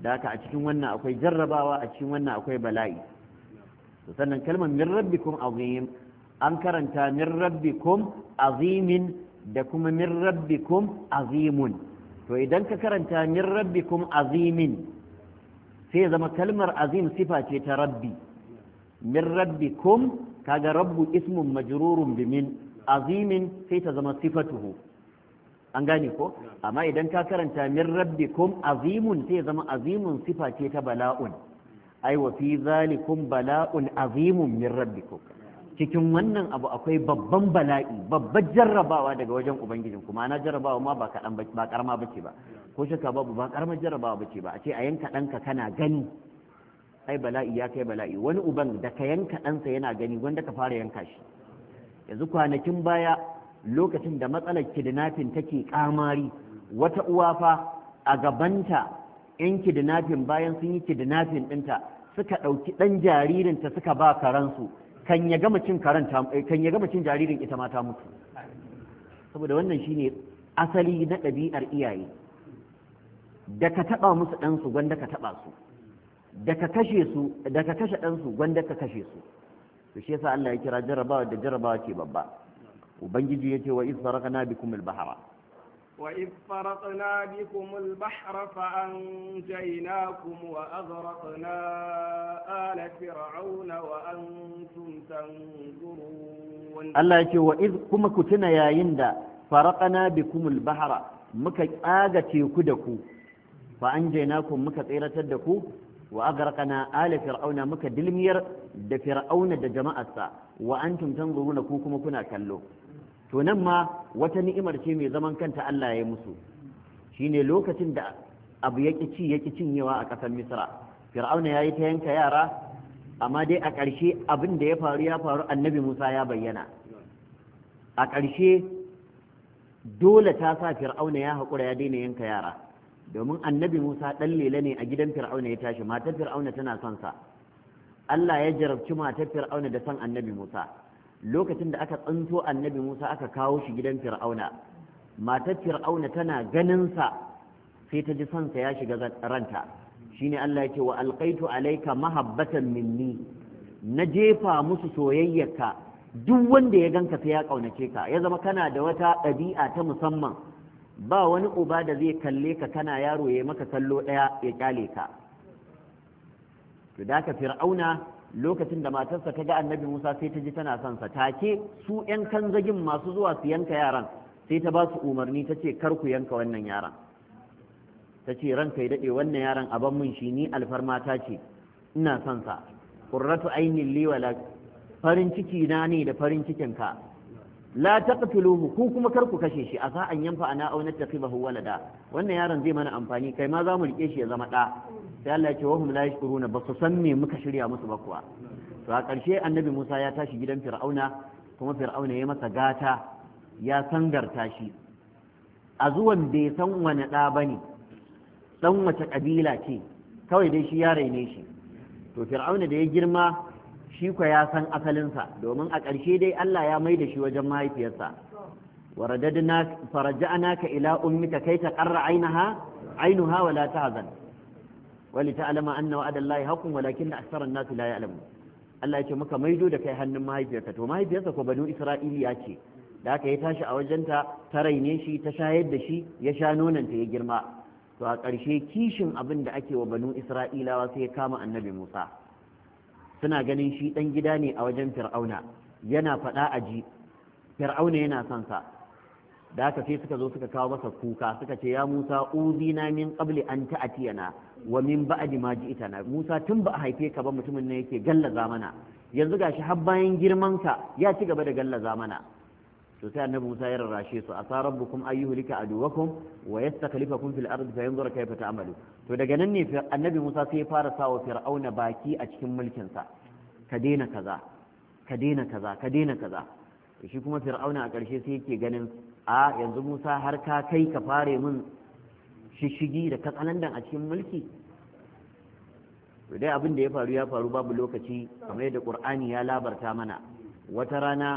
da a cikin wannan akwai jarrabawa a cikin wannan akwai bala'i sannan kalmar min rabbikum an karanta min rabbikum azimin da kuma min rabbikum azimun to idan ka karanta min rabbikum azimin sai zama kalmar azim sifa ce ta rabbi min rabbikum kaga rabbu ismun majrurun min, azimin sai ta zama sifatuhu an gane ko amma idan ka karanta min rabbikum azimun sai zama azimun sifa ce ta bala'un ai wa fi zalikum bala'un azimun min rabbikum cikin wannan abu akwai babban bala'i babbar jarrabawa daga wajen ubangijin kuma na jarrabawa ma ba kaɗan ba ƙarama bace ba ko shaka babu ba karamar jarrabawa bace ba a ce a yanka ɗanka kana gani ai bala'i ya kai bala'i wani uban da ka yanka ɗansa yana gani wanda ka fara yanka shi yanzu kwanakin baya lokacin da matsalar kidnapping take kamari wata uwa fa a gabanta yan kidnapping bayan sun yi kidnapping ɗinta suka ɗauki ɗan jaririnta suka ba karansu kan ya gama cin karanta eh, kan ya gama cin jaririn ita ma ta mutu saboda wannan shine asali na ɗabi'ar iyaye da ka taɓa musu ɗansu gwanda ka taɓa su da ka kashe su da ka kashe ɗansu gwanda ka kashe su to shi yasa Allah ya kira jarabawa da jarabawa ce babba ubangiji ya ce wa iz farakana bikum al-bahara وإذ فرقنا بكم البحر فأنجيناكم وأغرقنا آل فرعون وأنتم تنظرون الله يقول وإذ كما كتنا يا يندا فرقنا بكم البحر مكا آغتي كدكو فأنجيناكم مكا طيرة دكو وأغرقنا آل فرعون مكا دلمير دا فرعون دا جماعة وأنتم تنظرون كوكم كنا كلو to nan ma wata ni'imar ce mai zaman kanta Allah ya musu shine lokacin da abu yaki ci yaki cinyewa a ƙasar Misra Fir'auna ya yi ta yanka yara amma dai a ƙarshe abin da ya faru ya faru annabi Musa ya bayyana a ƙarshe dole ta sa Fir'auna ya haƙura ya daina yanka yara domin annabi Musa ɗan lele ne a gidan Fir'auna ya tashi matar Fir'auna tana son sa Allah ya jarabci matar Fir'auna da son annabi Musa lokacin da aka tsanto annabi Musa aka kawo shi gidan Fir'auna matar Fir'auna tana ganin sa sai ta ji sansa ya shiga ranta shine Allah yake wa alqaitu alayka mahabbatan minni na jefa musu soyayyarka duk wanda ya ganka sai ya kaunace ka ya zama kana da wata ɗabi'a ta musamman ba wani uba da zai kalle ka kana yaro ya maka kallo ɗaya ya kyale ka to da ka fir'auna lokacin da matarsa ta ga annabi Musa sai ta ji tana sansa take su ƴan zagin masu zuwa su yanka yaran sai ta ba su umarni ta ce kar ku yanka wannan yaran ta ce ranka ya daɗe wannan yaran a ban mun shi ni alfarma ta ce ina sansa qurratu ainin li farin ciki na ne da farin cikin ka la taqtuluhu ku kuma kar ku kashe shi asa an yanfa ana aunat taqibahu walada wannan yaron zai mana amfani kai ma za mu rike shi ya zama da sai Allah ya ce wahum la yashkuruna ba su san me muka shirya musu ba kuwa to a ƙarshe annabi Musa ya tashi gidan Fir'auna kuma Fir'auna ya masa gata ya sangarta shi a zuwan bai san wani ɗa bane ɗan wace kabila ce kawai dai shi ya raine shi to Fir'auna da ya girma shi kwa ya san asalinsa domin a ƙarshe dai Allah ya mai da shi wajen mahaifiyarsa waradadna ka ila ummika kai ta qarra ainaha ainuha wala tahzan wali ta'lama anna wa'adallahi haqqun walakinna aktharan nasi la alamu. Allah ya ce muka maido da kai hannun mahaifiyarka to mahaifiyarsa ko banu ya ce da aka yi tashi a wajenta ta raine shi ta shayar da shi ya sha ta ya girma to a ƙarshe kishin abin da ake wa banu Isra'ilawa sai ya kama annabi Musa suna ganin shi ɗan gida ne a wajen Fir'auna yana faɗa a ji Fir'auna yana son sa da haka sai suka zo suka kawo masa kuka suka ce ya Musa uzina min qabli an ta'tiyana wa min ba'di ma ji'tana Musa tun ba a haife ka ba mutumin ne yake gallaza mana yanzu gashi har bayan girman ka ya ci gaba da gallaza mana to sai annabi Musa ya rarrashe su asa rabbukum ayyuhlika aduwakum wa yastakhlifakum fil ardi fa yanzura kayfa ta'malu to daga nan ne annabi Musa sai ya fara sawa fir'auna baki a cikin mulkin sa ka daina kaza ka daina kaza ka daina kaza shi kuma fir'auna a ƙarshe sai yake ganin a yanzu musa har ka kai ka fare min shishigi da katsalandan a cikin mulki dai abin da ya faru ya faru babu lokaci kamar yadda ƙur'ani ya labarta mana wata rana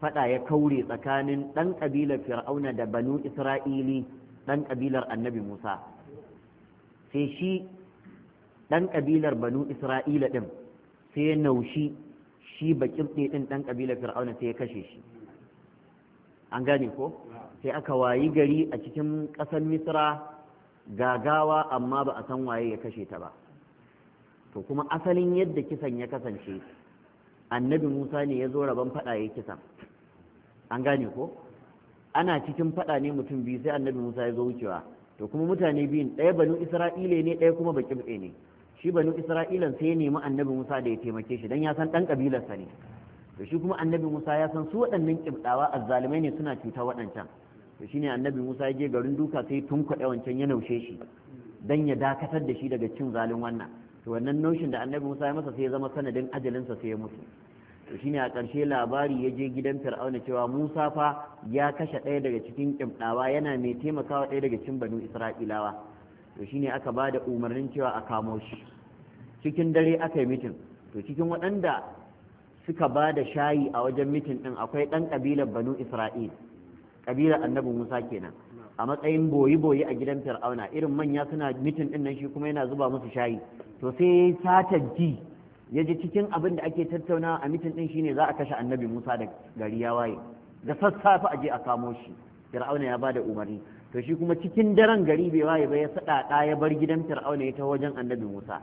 fada ya kaure tsakanin ɗan ƙabilar fir'auna da banu isra'ili ɗan ƙabilar annabi musa sai shi ɗan ƙabilar banu isra'ila ɗin sai ya naushi shi baƙin ɗin ɗan ƙabilar fir'auna sai ya kashe shi an gane ko sai aka wayi gari a cikin ƙasar misra gagawa amma ba a san waye ya kashe ta ba to kuma asalin yadda kisan ya kasance annabi musa ne ya zo rabon faɗa ya kisan an gane ko ana cikin faɗa ne mutum biyu sai annabi musa ya zo wucewa to kuma mutane biyun ɗaya banu isra'ila ne ɗaya kuma baƙi ne shi banu isra'ilan sai ya nemi annabi musa da ya taimake shi don ya san ɗan ƙabilarsa ne to shi kuma annabi Musa ya san su waɗannan kibdawa azzalumai ne suna cuta waɗancan to shine annabi Musa ya je garin duka sai tun kwaɗe wancan ya naushe shi dan ya dakatar da shi daga cin zalun wannan to wannan naushin da annabi Musa ya masa sai ya zama sanadin ajalinsa sai ya mutu to shine a ƙarshe labari ya je gidan Fir'auna cewa Musa fa ya kashe ɗaya daga cikin kibdawa yana mai taimakawa ɗaya daga cikin banu Isra'ilawa to shine aka ba da umarnin cewa a kamo shi cikin dare aka yi mitin to cikin waɗanda suka ba da shayi a wajen mitin ɗin akwai ɗan ƙabilar banu isra'il ƙabilar annabi musa kenan a matsayin boyi-boyi a gidan fir'auna irin manya suna mitin ɗin nan shi kuma yana zuba musu shayi to sai sata ji ya ji cikin abin da ake tattaunawa a mitin ɗin shine za a kashe annabi musa da gari ya waye da sassafe a je a kamo shi fir'auna ya ba da umarni to shi kuma cikin daren gari bai waye ba ya saɗa ɗa ya bar gidan fir'auna ya ta wajen annabi musa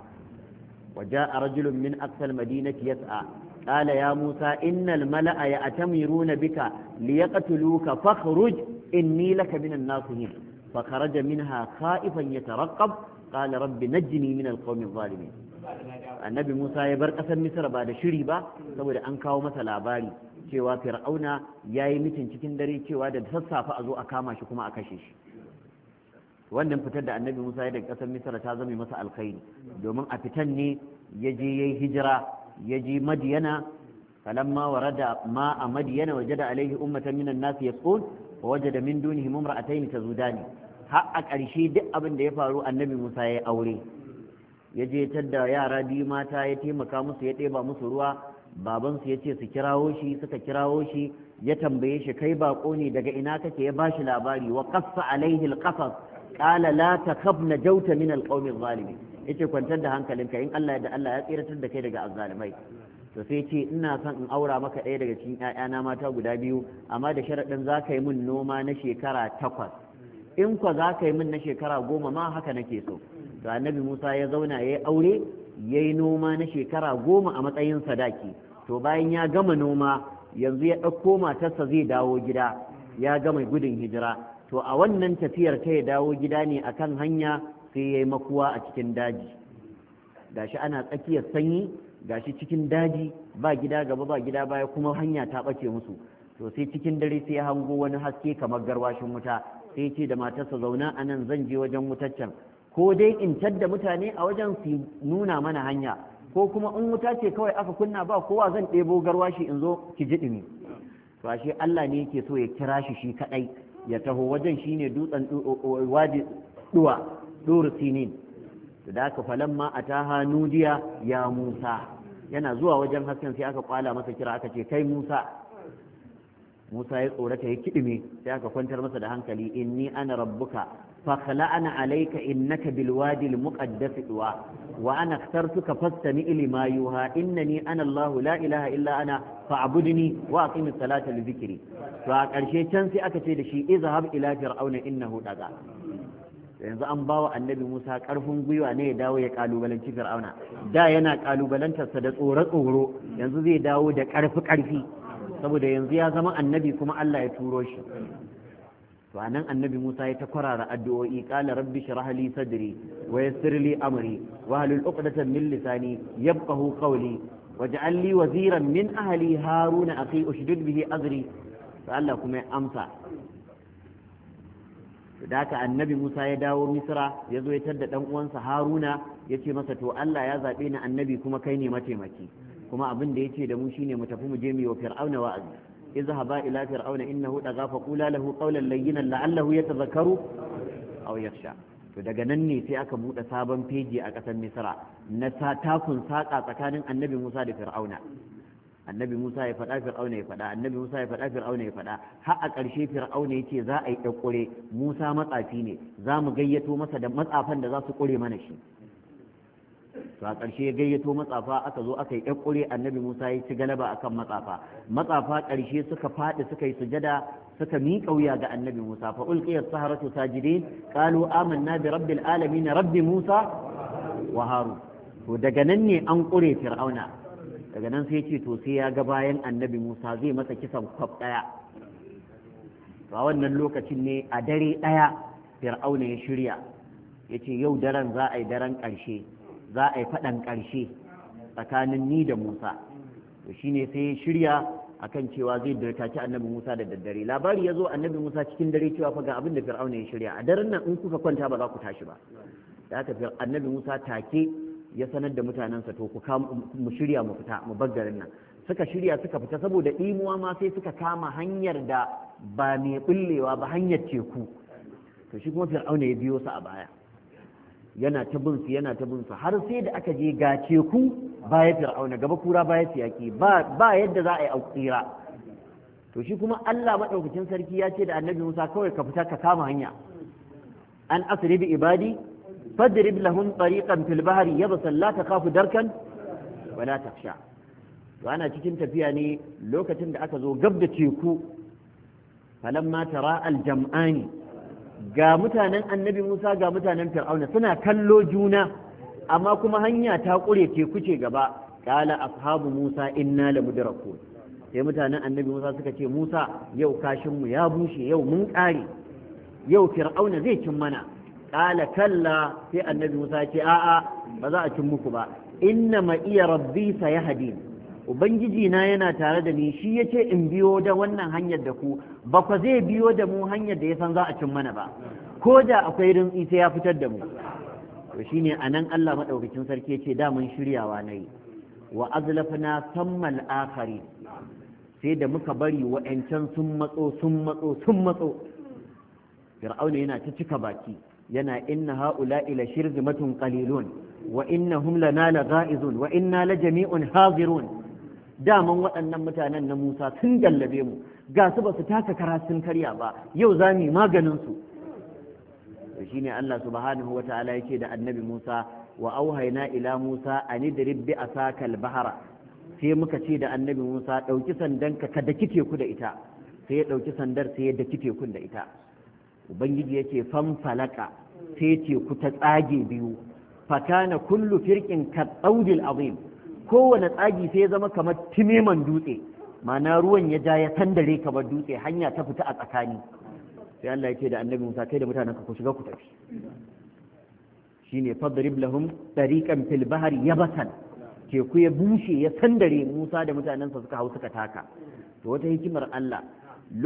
wajen a rajulun min aksal madinati yas'a قال يا موسى إن الملأ يأتمرون بك ليقتلوك فاخرج إني لك من الناصحين فخرج منها خائفا يترقب قال رب نجني من القوم الظالمين annabi Musa ya bar ƙasar Misra ba da shiri ba saboda an kawo masa labari cewa Fir'auna ya yi mitin cikin dare cewa da sassafa a zo a kama shi kuma a kashe shi wannan fitar da annabi Musa ya daga ƙasar Misra ta zama masa alkhairi domin a fitan ne ya je ya yi hijira ya je madiyana falamma warada ma a madiyana wajada alaihi ummatan minan nas yasqun wa wajada min dunihim imra'atayn tazudani har a ƙarshe duk abin da ya faru annabi Musa ya yi aure ya je tadda yara biyu mata ya taimaka musu ya ɗeba musu ruwa babansu ya ce su kirawo shi suka kirawo shi ya tambaye shi kai bako ne daga ina kake ya bashi labari wa qassa alaihi alqasas qala la takhab najauta min alqawmi adh yake kwantar da hankalinka in Allah da Allah ya tsiratar da kai daga azzalimai to sai ce ina son in aura maka ɗaya daga cikin ƴaƴana mata guda biyu amma da sharaɗin za ka yi min noma na shekara takwas in kwa za ka yi min na shekara goma ma haka nake so to annabi Musa ya zauna ya yi aure ya yi noma na shekara goma a matsayin sadaki to bayan ya gama noma yanzu ya ɗauko matarsa zai dawo gida ya gama gudun hijira to a wannan tafiyar ta ya dawo gida ne akan hanya sai ya yi makuwa a cikin daji gashi ana tsakiyar sanyi gashi cikin daji ba gida gaba ba gida baya kuma hanya ta ɓace musu to sai cikin dare sai ya hango wani haske kamar garwashin wuta sai ce da matarsa zauna a nan zan je wajen wutaccen ko dai in tadda mutane a wajen su nuna mana hanya ko kuma in wuta ce kawai aka kunna ba kowa zan ɗebo garwashi in zo ki ji ɗumi to ashe Allah ne yake so ya kira shi shi kaɗai ya taho wajen shi ne dutsen eh, eh, eh, wadi duwa duru sinin to da aka falamma ataha nudiya ya musa yana zuwa wajen hasken sai aka kwala masa kira aka ce kai musa musa ya tsorata ya kidime sai aka kwantar masa da hankali inni ana rabbuka fakhla'ana alayka innaka bilwadi almuqaddas tuwa wa ana ikhtartuka fastami'i lima yuha innani ana allah la ilaha illa ana fa'budni wa aqimi salata li dhikri to a karshe can sai aka ce da shi izhab ila fir'auna innahu daga yanzu an bawa annabi Musa karfin gwiwa ne ya dawo ya kalubalanci Fir'auna da yana kalubalantarsa da tsoro tsoro yanzu zai dawo da karfi karfi saboda yanzu ya zama annabi kuma Allah ya turo shi to anan annabi Musa ya ta kwarara addu'o'i qala rabbi shrah li sadri wa yassir li amri wa halul uqdatan min lisani yafqahu qawli waj'al li waziran min ahli haruna akhi ushdud bihi azri sai Allah kuma ya amsa to da haka annabi Musa ya dawo Misra ya zo ya tadda dan uwansa Haruna ya ce masa to Allah ya zaɓe ni annabi kuma kai ne mataimaki kuma abin da ce da mu shine mu tafi mu je mu yi wa Fir'auna wa'azi izhaba ila fir'auna innahu daga fa qula lahu qawlan layyinan la'allahu yatadhakkaru aw yakhsha to daga nan ne sai aka buɗe sabon feji a ƙasar misra na takun saƙa tsakanin annabi musa da fir'auna annabi Musa ya faɗa Fir'auna ya faɗa annabi Musa ya faɗa Fir'auna ya faɗa har a ƙarshe Fir'auna ce za a yi ƙure Musa matsafi ne za mu gayyato masa da matsafan da za su ƙure mana shi to a ƙarshe ya gayyato matsafa aka zo aka yi ƙure annabi Musa ya ci galaba akan matsafa matsafa ƙarshe suka faɗi suka yi sujada suka miƙa wuya ga annabi Musa fa ulqiya saharatu sajidin qalu amanna bi rabbil alamin rabbi Musa wa Harun to daga nan ne an ƙure Fir'auna daga nan sai ce to sai ya ga bayan annabi musa zai masa kisan kwaf ɗaya a wannan lokacin ne a dare ɗaya fir'auna ya shirya ya ce yau daren za a yi daren ƙarshe za a yi faɗan ƙarshe tsakanin ni da musa to shine sai ya shirya akan cewa zai dirkaci annabi Musa da daddare labari ya zo annabi Musa cikin dare cewa fa ga abin da Fir'auna ya shirya a daren nan in kuka kwanta ba za ku tashi ba da haka annabi Musa take ya sanar da mutanensa to ku mu shirya mu fita mu baggarin nan suka shirya suka fita saboda ɗimuwa ma sai suka kama hanyar da ba mai bullewa ba hanyar teku to shi kuma fir'auna ya biyo su a baya yana ta bin su yana ta bin su har sai da aka je ga teku baya fir'auna gaba kura baya siyaki ba yadda za a yi auƙira to shi kuma Allah madaukakin sarki ya ce da annabi Musa kawai ka fita ka kama hanya an asri bi ibadi fadrib lahum tariqan fil bahri yabsan la takhafu darkan wala takhsha to ana cikin tafiya ne lokacin da aka zo gab da teku falamma tara aljam'ani ga mutanen annabi Musa ga mutanen Fir'auna suna kallo juna amma kuma hanya ta ƙure teku ce gaba qala ashabu Musa inna lamudrakun sai mutanen annabi Musa suka ce Musa yau kashin mu ya bushe yau mun kare yau Fir'auna zai cin mana qala kalla sai annabi Musa ce a'a ba za a cin muku ba inna ma iya rabbi hadin. ubangiji na yana tare da ni shi yace in biyo da wannan hanyar da ku ba ku zai biyo da mu hanyar da ya san za a cin mana ba ko da akwai rintsi sai ya fitar da mu to shine anan Allah madaukakin sarki yace da mun shiryawa nayi wa azlafna sammal akhari sai da muka bari wa'ancan sun matso sun matso sun matso fir'auna yana ta cika baki yana inna ha'ula ila shirzimatun qalilun wa innahum lana laghaizun wa inna la jami'un hazirun daman waɗannan mutanen na Musa sun gallabe mu ga su ba su taka kara sun karya ba yau za mu maganin su to shine Allah subhanahu wata'ala yake da annabi Musa wa auhayna ila Musa an idrib bi asaka al-bahra sai muka ce da annabi Musa dauki sandanka ka daki teku da ita sai ya dauki sandar sai ya daki tekun da ita ubangiji yake fan falaka sai teku ta tsage biyu fakana kullu firqin ka tsaudil azim kowane tsagi sai ya zama kamar timeman dutse Mana ruwan ya ja ya tandare kamar dutse hanya ta fita a tsakani sai Allah ya ce da annabi Musa kai da mutanen ka ku shiga ku tafi shine fadrib lahum tariqan fil bahr yabatan teku ya bushe ya sandare Musa da mutanensa suka hau suka taka to wata hikimar Allah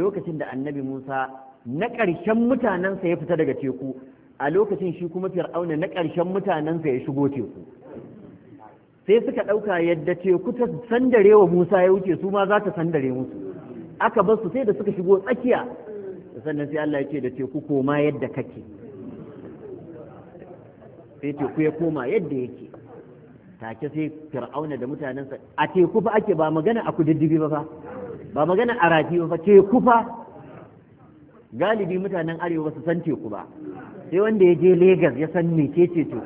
lokacin da annabi Musa na ƙarshen mutanensa ya fita daga teku a lokacin shi kuma fir'auna na ƙarshen mutanensa ya shigo teku sai suka ɗauka yadda teku ta sandare wa musa ya wuce su ma za ta sandare musu aka basu su sai da suka shigo tsakiya sannan sai allah ya ce da teku koma yadda kake sai teku ya koma yadda yake take sai fir'auna da mutanensa a teku fa ake ba magana a kududdufi ba fa ba magana a rafi ba teku fa galibi mutanen arewa ba su san teku ba sai wanda ya je Legas ya san mece ce teku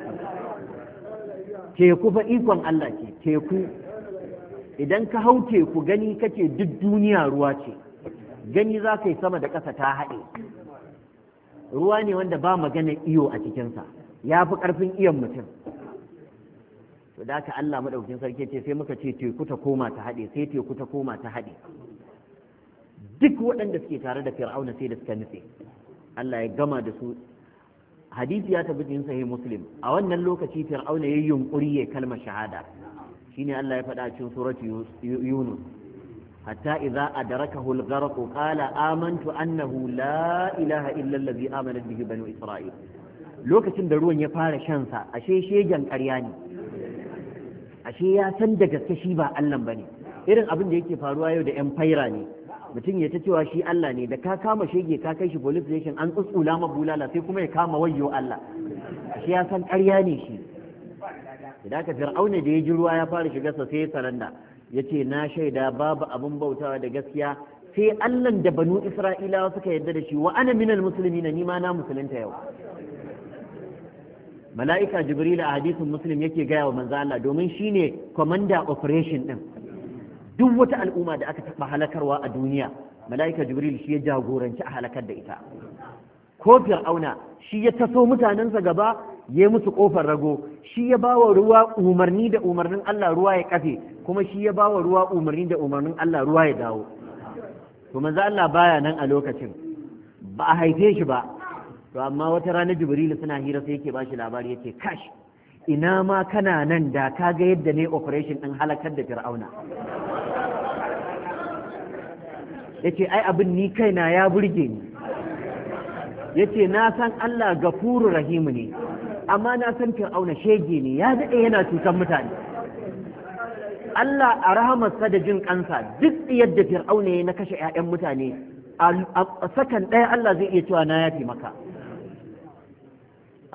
teku fa ikon Allah ce teku idan ka hau teku gani kake duk duniya ruwa ce gani za ka yi sama da ƙasa ta haɗe ruwa ne wanda ba magana iyo a cikinsa ya fi ƙarfin iyon mutum to da ka Allah maɗaukin sarki ce sai muka ce teku ta koma ta haɗe sai teku ta koma ta haɗe duk waɗanda suke tare da fir'auna sai da suka nutse Allah ya gama da su hadisi ya tabbata yin sahih muslim a wannan lokaci fir'auna ya yunkuri ya kalma shahada shine Allah ya faɗa cikin suratu yunus hatta idza adrakahu al-gharq qala amantu annahu la ilaha illa allazi amana bihi banu isra'il lokacin da ruwan ya fara shan sa ashe shegen ƙarya ne ashe ya san da gaske shi ba Allah bane irin abin da yake faruwa yau da yan faira ne mutum ya ta cewa shi Allah ne da ka kama shege ka kai shi police station an tsutsula ma bulala sai kuma ya kama wayyo Allah shi ya san ƙarya ne shi idan ka fir'auna da ya ji ruwa ya fara shiga sa sai ya saranda ya ce na shaida babu abin bautawa da gaskiya sai Allahn da banu Isra'ilawa suka yarda da shi wa ana minal muslimina ni ma na musulunta yau mala'ika jibril a hadisin muslim yake gaya wa manzo Allah domin shine commander operation din duk wata al'umma da aka taɓa halakarwa a duniya mala'ika jibril shi ya jagoranci a halakar da ita ko fir'auna shi ya taso mutanensa gaba ya yi musu kofar rago shi ya ba wa ruwa umarni da umarnin Allah ruwa ya kafe kuma shi ya ba wa ruwa umarni da umarnin Allah ruwa ya dawo to manzo Allah baya nan a lokacin ba a haife shi ba to amma wata rana jibril suna hira sai yake shi labari yake kash ina ma kana nan da ka ga yadda ne operation din halakar da fir'auna yace ai abin ni kaina ya burge ni yace na san Allah gafuru rahimu ne amma na san Auna shege ne ya daɗe yana cutar mutane Allah a rahamarsa da jin kansa duk yadda fir'auna ya na kashe 'ya'yan mutane a sakan ɗaya Allah zai iya cewa na yafi maka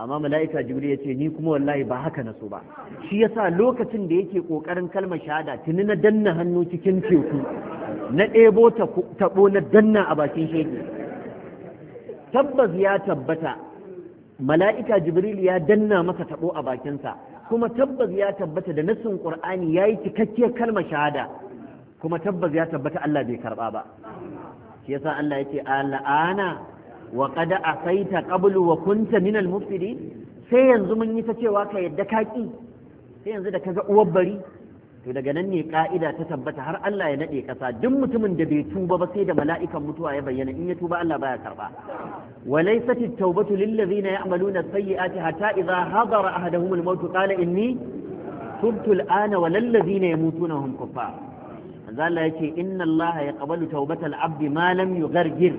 amma mala'ika jibril ya ce ni kuma wallahi ba haka na so ba shi yasa lokacin da yake kokarin kalmar shahada tuni na danna hannu cikin teku na ɗebo taɓo na danna a bakin shege tabbas ya tabbata mala'ika jibril ya danna masa taɓo a bakinsa kuma tabbas ya tabbata da nassin ya yayi cikakkiyar kalmar shahada kuma tabbas ya tabbata Allah bai karɓa ba shi yasa Allah yace al'ana wa qad asaita qablu wa kunta al mufsidin sai yanzu mun yi ta cewa ka yadda kaki sai yanzu da kaga uwar bari to daga nan ne ka'ida ta tabbata har Allah ya nade kasa duk mutumin da bai tuba ba sai da mala'ikan mutuwa ya bayyana in ya tuba Allah baya karba wa laysat at-taubatu lil ladhina ya'maluna as-sayyi'ati hatta idha hadara ahaduhum al-maut qala inni tubtu al-ana wa lil ladhina yamutuna hum kuffar manzo Allah yace inna Allah yaqbalu tawbatal abdi ma lam yughargir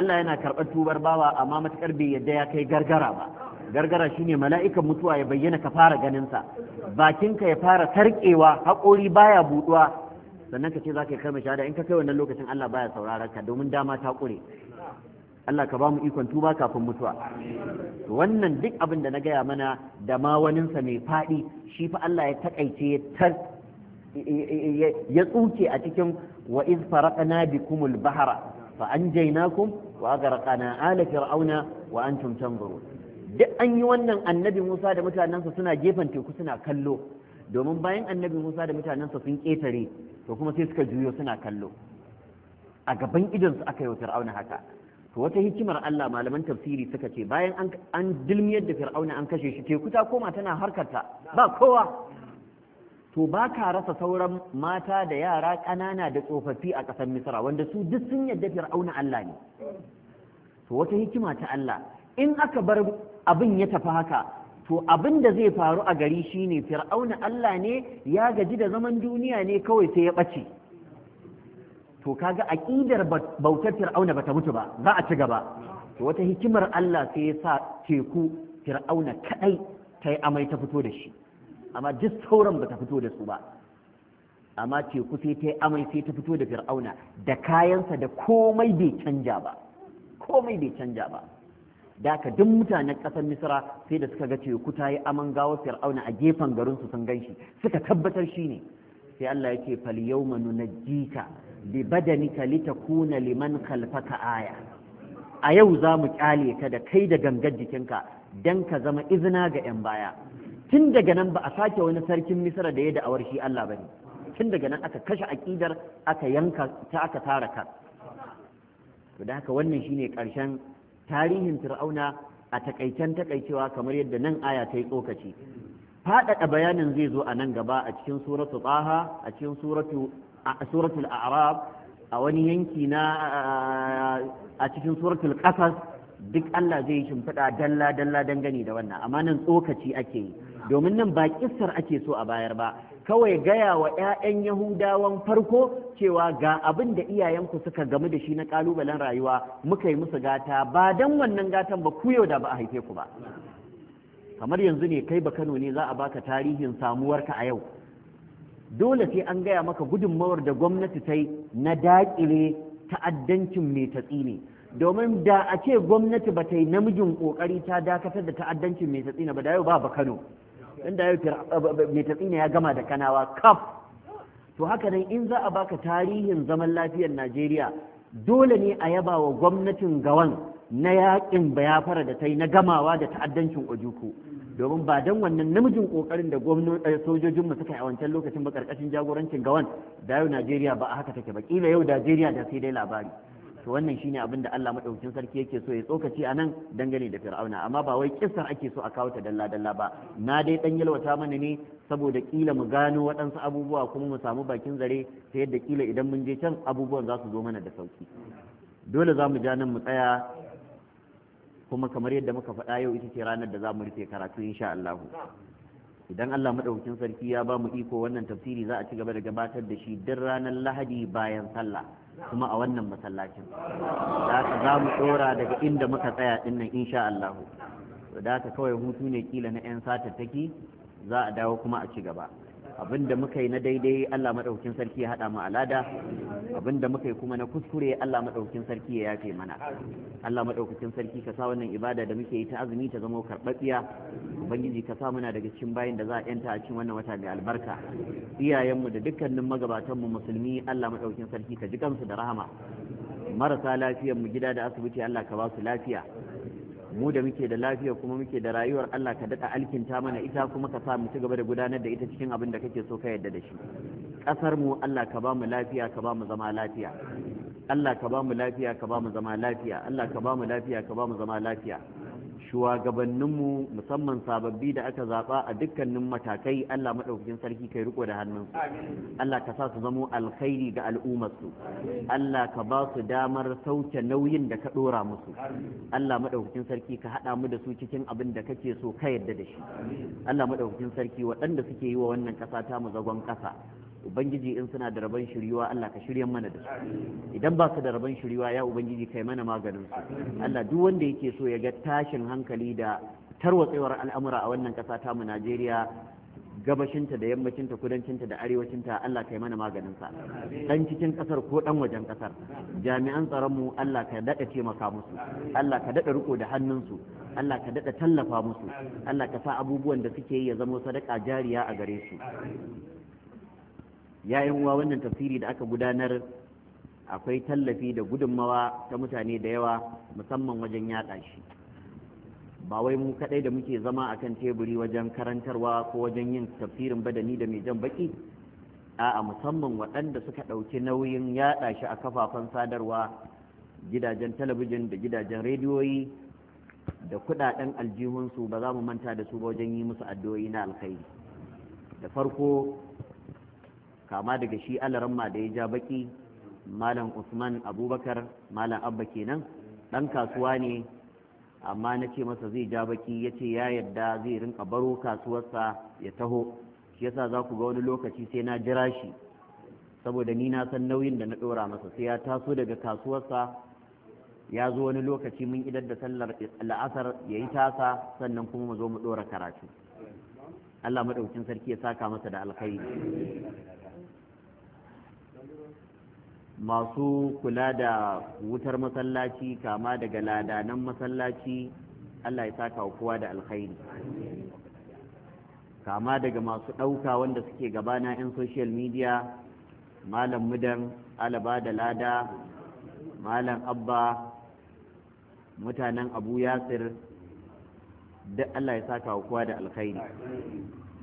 Allah yana karbar tubar bawa amma matakar bai yadda ya kai gargara ba gargara shine mala'ikan mutuwa ya bayyana ka fara ganinsa bakinka ya fara tarkewa haƙori baya buɗuwa sannan ka ce za ka yi kalmar shahada in ka kai wannan lokacin Allah baya sauraron ka domin dama ta ƙure Allah ka ba mu ikon tuba kafin mutuwa wannan duk abin da na gaya mana da ma waninsa mai faɗi shi fa Allah ya takaice ya tsuke a cikin wa iz faraqna bikumul bahra fa anjaynakum wa aghraqna ala fir'auna wa antum tanzurun duk an yi wannan annabi Musa da mutanensa suna gefen teku suna kallo domin bayan annabi Musa da mutanensa sun ƙetare to kuma sai suka juyo suna kallo a gaban idonsu aka yi fir'auna haka to wata hikimar Allah malaman tafsiri suka ce bayan an dilmiyar da fir'auna an kashe shi teku ta koma tana harkarta ba kowa to ba ka rasa sauran mata da yara ƙanana da tsofaffi a ƙasar misra wanda su duk sun yadda fir'auna Allah ne to wata hikima ta Allah in aka bar abin ya tafi haka to abin da zai faru a gari shine fir'auna Allah ne ya gaji da zaman duniya ne kawai sai ya ɓace to kaga aƙidar bautar fir'auna bata mutu ba za a ci gaba to wata hikimar Allah sai ya sa teku fir'auna kaɗai ta yi amai ta fito da shi amma duk sauran bata fito da su ba amma teku sai ta yi amai sai ta fito da fir'auna da kayansa da komai bai canja ba komai bai canja ba da ka duk mutanen ƙasar Misira, sai da suka ga teku ta yi aman gawo fir'auna a gefen garin su sun ganshi. suka tabbatar shi ne sai Allah yake ce fal yawma nunajjika bi badanika litakuna liman khalfaka aya a yau za mu kyale ka da kai da gangar jikinka dan ka zama izina ga yan baya tun daga nan ba a sake wani sarkin Misira da ya da'awar shi Allah bane tun daga nan aka kashe aƙidar aka yanka ta aka tara ka to da haka wannan shine karshen tarihin fir'auna a takaicen takaicewa kamar yadda nan aya ta yi tsokaci faɗaɗa bayanin zai zo a nan gaba a cikin suratu tsaha a cikin suratu suratul a'rab a wani yanki na a cikin suratul qasas duk Allah zai yi shimfiɗa dalla dalla dangane da wannan amma nan tsokaci ake yi domin nan ba kissar ake so a bayar ba kawai gaya wa 'ya'yan yahudawan farko cewa ga abin da iyayenku suka gamu da shi na ƙalubalen rayuwa muka yi musu gata ba don wannan gatan ba ku yau da ba a haife ku ba kamar yanzu ne kai ba kano ne za a baka tarihin samuwarka a yau dole sai an gaya maka gudunmawar da gwamnati ta yi na daƙile ta'addancin mai tatsi ne domin da a ce gwamnati ba ta yi namijin ƙoƙari ta dakatar da ta'addancin mai tatsi ne ba da yau ba ba kano inda ya mai tatsina ya gama da kanawa kaf to haka nan in za a baka tarihin zaman lafiyar najeriya dole ne a yaba wa gwamnatin gawan na yakin bayafara da ta yi na gamawa da ta'addancin ojuku domin ba don wannan namijin kokarin da eh, sojojinmu suka yi a wancan lokacin ba karkashin jagorancin gawan da yau najeriya ba a haka take ba kila yau najeriya da sai dai labari to wannan shine abin da Allah madaukakin sarki yake so ya tsokaci a nan dangane da fir'auna amma ba wai kissar ake so a kawo ta dalla dalla ba na dai dan yalwata mana ne saboda kila mu gano waɗansu abubuwa kuma mu samu bakin zare ta yadda kila idan mun je can abubuwan za su zo mana da sauki dole za mu ja nan mu tsaya kuma kamar yadda muka faɗa yau ita ce ranar da za mu rufe karatu insha Allah idan Allah madaukakin sarki ya ba mu iko wannan tafsiri za a ci gaba da gabatar da shi duk ranar Lahadi bayan sallah kuma a wannan masallacin da za mu tsora daga inda muka tsaya dinnan insha Allah da ta kawai hutu ne kila na 'yan satattaki za a dawo kuma a ci gaba abinda muka yi na daidai Allah madaukin sarki ya hada mu alada abinda muka yi kuma na kuskure Allah madaukin sarki ya yafe mana Allah Maɗaukin sarki ka sa wannan ibada da muke yi ta azumi ta zama karɓaɓɓiya ubangiji ka sa muna daga cikin bayin da za a yanta a cikin wannan wata mai albarka iyayenmu da dukkanin magabatanmu musulmi Allah Maɗaukin sarki ka ji kansu da rahama marasa lafiyar mu gida da asibiti Allah ka ba su lafiya mu da muke da lafiya kuma muke da rayuwar Allah ka daɗa alkinta mana ita kuma ka sa mu ci gaba da gudanar da ita cikin abin da kake so ka yarda da shi ƙasar mu Allah ka ba mu lafiya ka ba mu zama lafiya Allah ka ba mu lafiya ka ba mu zama lafiya Allah ka ba mu lafiya ka ba mu zama lafiya shugabanninmu musamman sababbi da aka zaba a dukkanin matakai Allah madaukakin sarki kai riko da hannunsu Allah ka sa su zamo alkhairi ga al'ummarsu Allah ka ba su damar sauke nauyin da ka dora musu Allah madaukakin sarki ka haɗa mu da su cikin abin da kake so ka yarda da shi Allah madaukakin sarki waɗanda suke yi wa wannan ƙasa ta mu zagon ƙasa ubangiji in suna da rabon shiriwa Allah ka shirya mana da su idan ba su da rabon shiriwa ya ubangiji kai mana maganin su Allah duk wanda yake so ya ga tashin hankali da tarwatsewar al'amura a wannan ƙasa ta mu Najeriya gabashinta da yammacinta kudancinta da arewacinta Allah kai mana maganin sa dan cikin kasar ko dan wajen kasar jami'an tsaron mu Allah ka daɗa taimaka musu Allah ka daɗa riko da hannun su Allah ka daɗa tallafa musu Allah ka sa abubuwan da suke yi ya zama sadaka jariya a gare su ya yi uwa wannan tafsiri da aka gudanar akwai tallafi da gudunmawa ta mutane da yawa musamman wajen yaɗa shi ba wai mu kaɗai da muke zama a kan teburi wajen karantarwa ko wajen yin tafsirin badani da mai jan baki a'a musamman waɗanda suka ɗauki nauyin yaɗa shi a kafafen sadarwa gidajen talabijin da gidajen rediyoyi da kuɗaɗen aljihunsu ba za mu manta da su ba wajen yi musu addu'o'i na alkhairi da farko kama daga shi alaramma da ya ja baki malam usman abubakar malam abba kenan dan kasuwa ne amma na ce masa zai ja baki ya ce ya yadda zai rinka baro kasuwarsa ya taho shi yasa za ku ga wani lokaci sai na jira shi saboda ni na san nauyin da na ɗora masa sai ya taso daga kasuwarsa ya zo wani lokaci mun idar da sallar la'asar ya yi tasa sannan kuma mu zo mu ɗora karatu Allah maɗaukin sarki ya saka masa da alkhairi masu kula da wutar masallaci kama daga ladanan masallaci Allah ya saka wa kowa da alkhairi kama daga masu ɗauka wanda suke gabana 'yan social media malam mudan alaba da lada malam abba mutanen abu yasir duk Allah ya saka wa kowa da alkhairi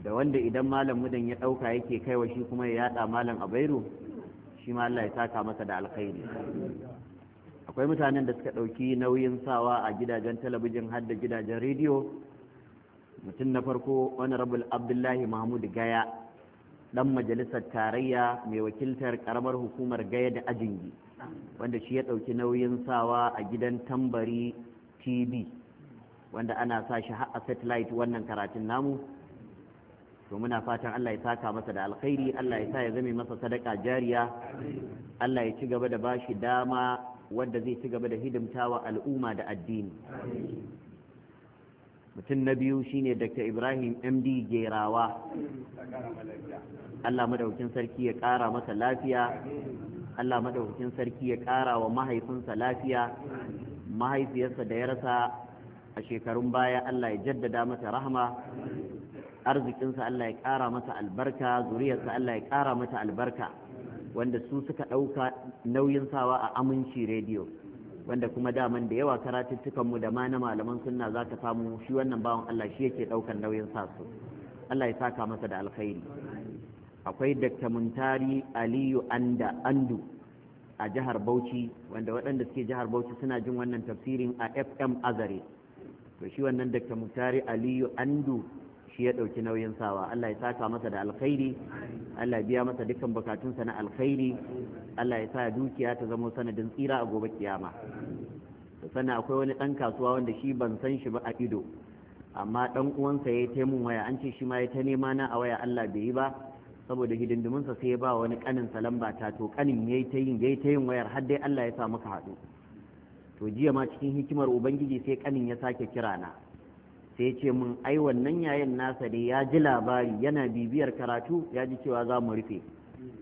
da wanda idan malam mudan ya ɗauka yake kaiwa shi kuma ya yada malam abairu shi ma Allah ya saka masa da alkhairi akwai mutanen da suka ɗauki nauyin sawa a gidajen talabijin har da gidajen rediyo mutum na farko wani rabul abdullahi mahmud gaya Dan majalisar tarayya mai wakiltar karamar hukumar gaya da ajingi wanda shi ya ɗauki nauyin sawa a gidan tambari tv wanda ana sa shi a satellite wannan karatun namu to muna fatan Allah ya saka masa da alkhairi Allah ya sa ya zame masa sadaka jariya Allah ya ci gaba da bashi dama wadda zai ci gaba da hidimtawa al'umma da addini mutum na biyu shine Dr. Ibrahim MD Gerawa Allah madaukin sarki ya ƙara masa lafiya Allah madaukin sarki ya ƙara wa mahaifinsa lafiya mahaifiyarsa da ya rasa a shekarun baya Allah ya jaddada mata rahama arzikinsa Allah ya ƙara masa albarka zuriyarsa Allah ya ƙara mata albarka wanda su suka ɗauka nauyin sawa a aminci rediyo wanda kuma daman da yawa karatuttukanmu da ma na malaman sunna za ka samu shi wannan bawan Allah shi yake ɗaukan nauyin sa su Allah ya saka masa da alkhairi akwai Dr. Muntari Aliyu Anda Andu a jihar Bauchi wanda waɗanda suke jihar Bauchi suna jin wannan tafsirin a FM Azare to shi wannan Dr. Muntari Aliyu Andu shi ya ɗauki nauyin sawa Allah ya saka masa da alkhairi Allah ya biya masa dukkan bukatunsa na alkhairi Allah ya sa dukiya ta zama sanadin tsira a gobe kiyama sannan akwai wani ɗan kasuwa wanda shi ban san shi ba a ido amma ɗan uwansa ya ta mun waya an ce shi ma ya ta nema na a waya Allah bai yi ba saboda hidindiminsa sai ya ba wani ƙanin salamba ta to ƙanin ya ta yin ya ta yin wayar har dai Allah ya sa muka haɗu to jiya ma cikin hikimar ubangiji sai ƙanin ya sake kira na sai ce mun ai wannan yayin nasa ne ya ji labari yana bibiyar karatu ya ji cewa za mu rufe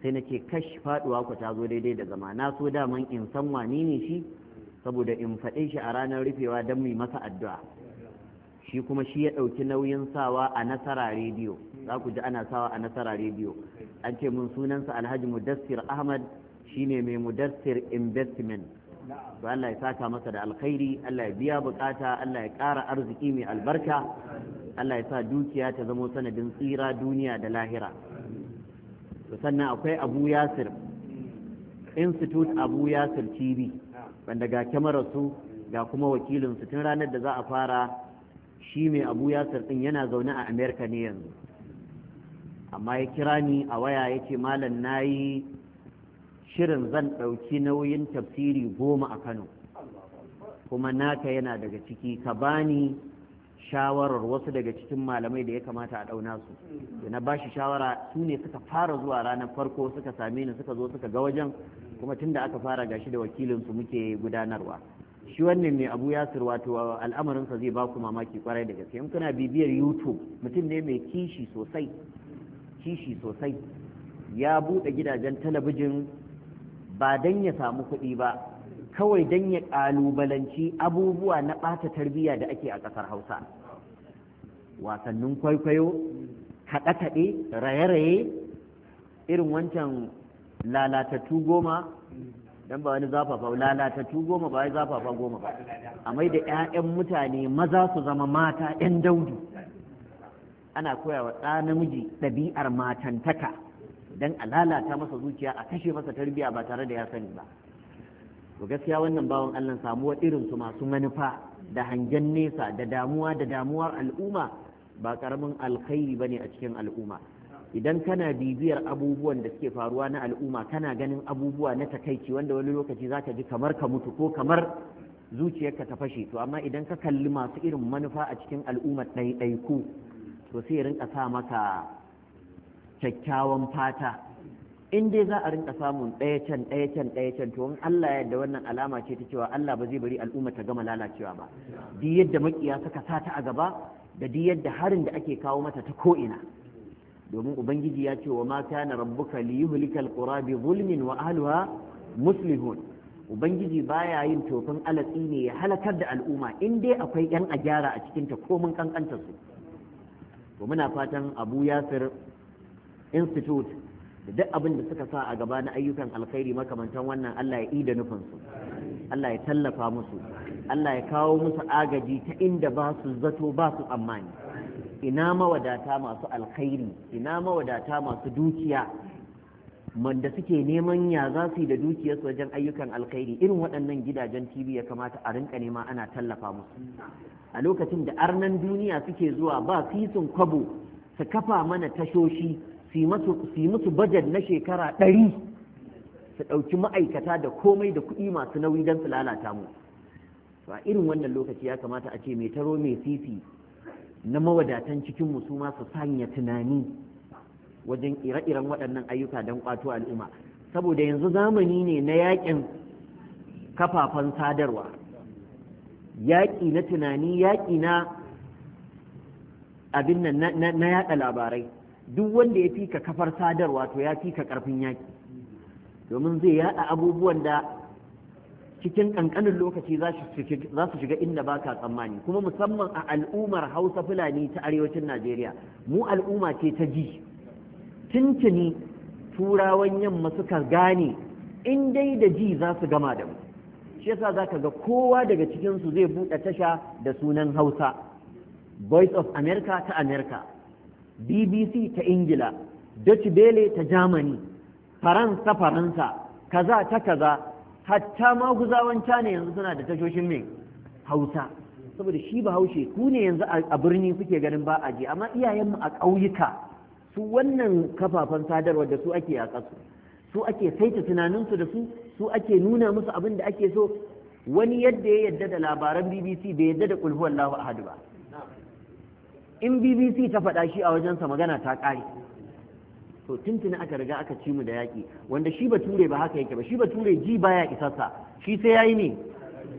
sai na ce kash faduwa ku ta zo daidai da zama na so daman in san wani ne shi saboda in faɗe shi a ranar rufewa don mu masa addu'a shi kuma shi ya ɗauki nauyin sawa a nasara rediyo za ku ji ana sawa a nasara rediyo an ce mun sunansa alhaji mudassir ahmad shine mai mudassir investment to Allah ya saka masa da alkhairi Allah ya biya bukata Allah ya ƙara arziki mai albarka Allah ya sa dukiya ta zamo sanadin tsira duniya da lahira to sannan akwai Abu Yasir Institute Abu Yasir TV wanda ga kyamarar su ga kuma wakilinsu tun ranar da za a fara shi mai Abu Yasir din yana zaune a America ne yanzu amma ya kira ni a waya ya ce malam na yi shirin zan ɗauki nauyin tafsiri goma a kano kuma naka yana daga ciki ka bani shawarar wasu daga cikin malamai da ya kamata a ɗauna su da na bashi shawara su ne suka fara zuwa ranar farko suka same ni suka zo suka ga wajen kuma tunda aka fara gashi da wakilinsu muke gudanarwa shi wannan mai abu yasir wato al'amarinsa zai baku mamaki kwarai da gaske in kuna bibiyar youtube mutum ne mai kishi sosai kishi sosai ya buɗe gidajen talabijin ba don ya samu kuɗi ba kawai don ya ƙalubalanci abubuwa na ɓata tarbiyya da ake a ƙasar hausa wasannin kwaikwayo kaɗe-kaɗe raye-raye irin wancan lalatattu goma don ba wani zafafa lalatattu goma ba wai zafafa goma ba a mai da 'ya'yan mutane maza su zama mata 'yan daudu ana koyawa ɗa namiji ɗabi'ar matantaka dan a lalata masa zuciya a kashe masa tarbiya ba tare da ya sani ba to gaskiya wannan bawan Allah samuwar irin su masu manufa da hangen nesa da damuwa da damuwar al'umma ba karamin alkhairi ba ne a cikin al'umma idan kana bibiyar abubuwan da suke faruwa na al'umma kana ganin abubuwa na takaici wanda wani lokaci zaka ji kamar ka mutu ko kamar zuciyarka ta fashe to amma idan ka kalli masu irin manufa a cikin al'ummar ɗaiɗaiku to sai rinka sa maka kyakkyawan fata in dai za a rinka samun ɗaya can ɗaya can ɗaya can to in Allah ya yarda wannan alama ce ta cewa Allah ba zai bari al'umma ta gama lalacewa ba duk yadda makiya suka sa ta a gaba da duk yadda harin da ake kawo mata ta ko'ina domin ubangiji ya ce wa ma kana rabbuka li yuhlikal bi zulmin wa ahliha muslihun ubangiji baya yin tofin alatsi ne ya halakar da al'umma in dai akwai yan a a cikin ta mun kankanta su to muna fatan Abu Yasir institute da duk abin da suka sa a gaba na ayyukan alkhairi makamantan wannan Allah ya ida nufinsu Allah ya tallafa musu Allah ya kawo musu agaji ta inda ba su zato ba su tsammani ina mawadata masu alkhairi ina mawadata masu dukiya wanda suke neman ya za su yi da dukiyarsu wajen ayyukan alkhairi irin waɗannan gidajen tv ya kamata a rinka nema ana tallafa musu a lokacin da arnan duniya suke zuwa ba fisin kwabo su kafa mana tashoshi su musu bajet na shekara ɗari su ɗauki ma'aikata da komai da kuɗi masu nauyi don su lalata mu To a irin wannan lokaci ya kamata a ce mai taro mai sisi na mawadatan cikin musu ma su sanya tunani wajen ire-iren waɗannan ayyuka don ƙwato al'umma saboda yanzu zamani ne na yaƙin kafafen sadarwa yaƙi na tunani yaƙi na abin nan na yaɗa labarai duk wanda ya fika kafar sadarwa to ya fika karfin yaki domin zai yada abubuwan da cikin kankanin lokaci za su shiga inda ba ka tsammani kuma musamman a al'ummar hausa fulani ta arewacin najeriya mu al'umma ce ta ji tuntuni turawan yamma suka gane in dai da ji za su gama da mu shi yasa za ka ga kowa daga cikinsu zai buɗe tasha da sunan hausa voice of america ta america bbc ta ingila Dutch Bele ta Germany, Faransa Faransa, kaza ta kaza, hatta ma maguzawanca ne yanzu suna da tashoshin mai Hausa. Saboda shi Bahaushe ku ne yanzu a birni kuke ganin ba a je, amma iyayenmu a ƙauyuka su wannan kafafen sadarwar da su ake a ƙasa, su ake saita tunaninsu da su, su ake nuna musu abin da ake so, wani yadda ya yadda da labaran BBC bai yadda da kulhuwallahu ahadu ba. in bbc ta faɗa shi a wajensa magana ta ƙare to tuntuni aka riga aka ci mu da yaƙi wanda shi bature ba haka yake ba shi bature ji baya isassa shi sai yayi ne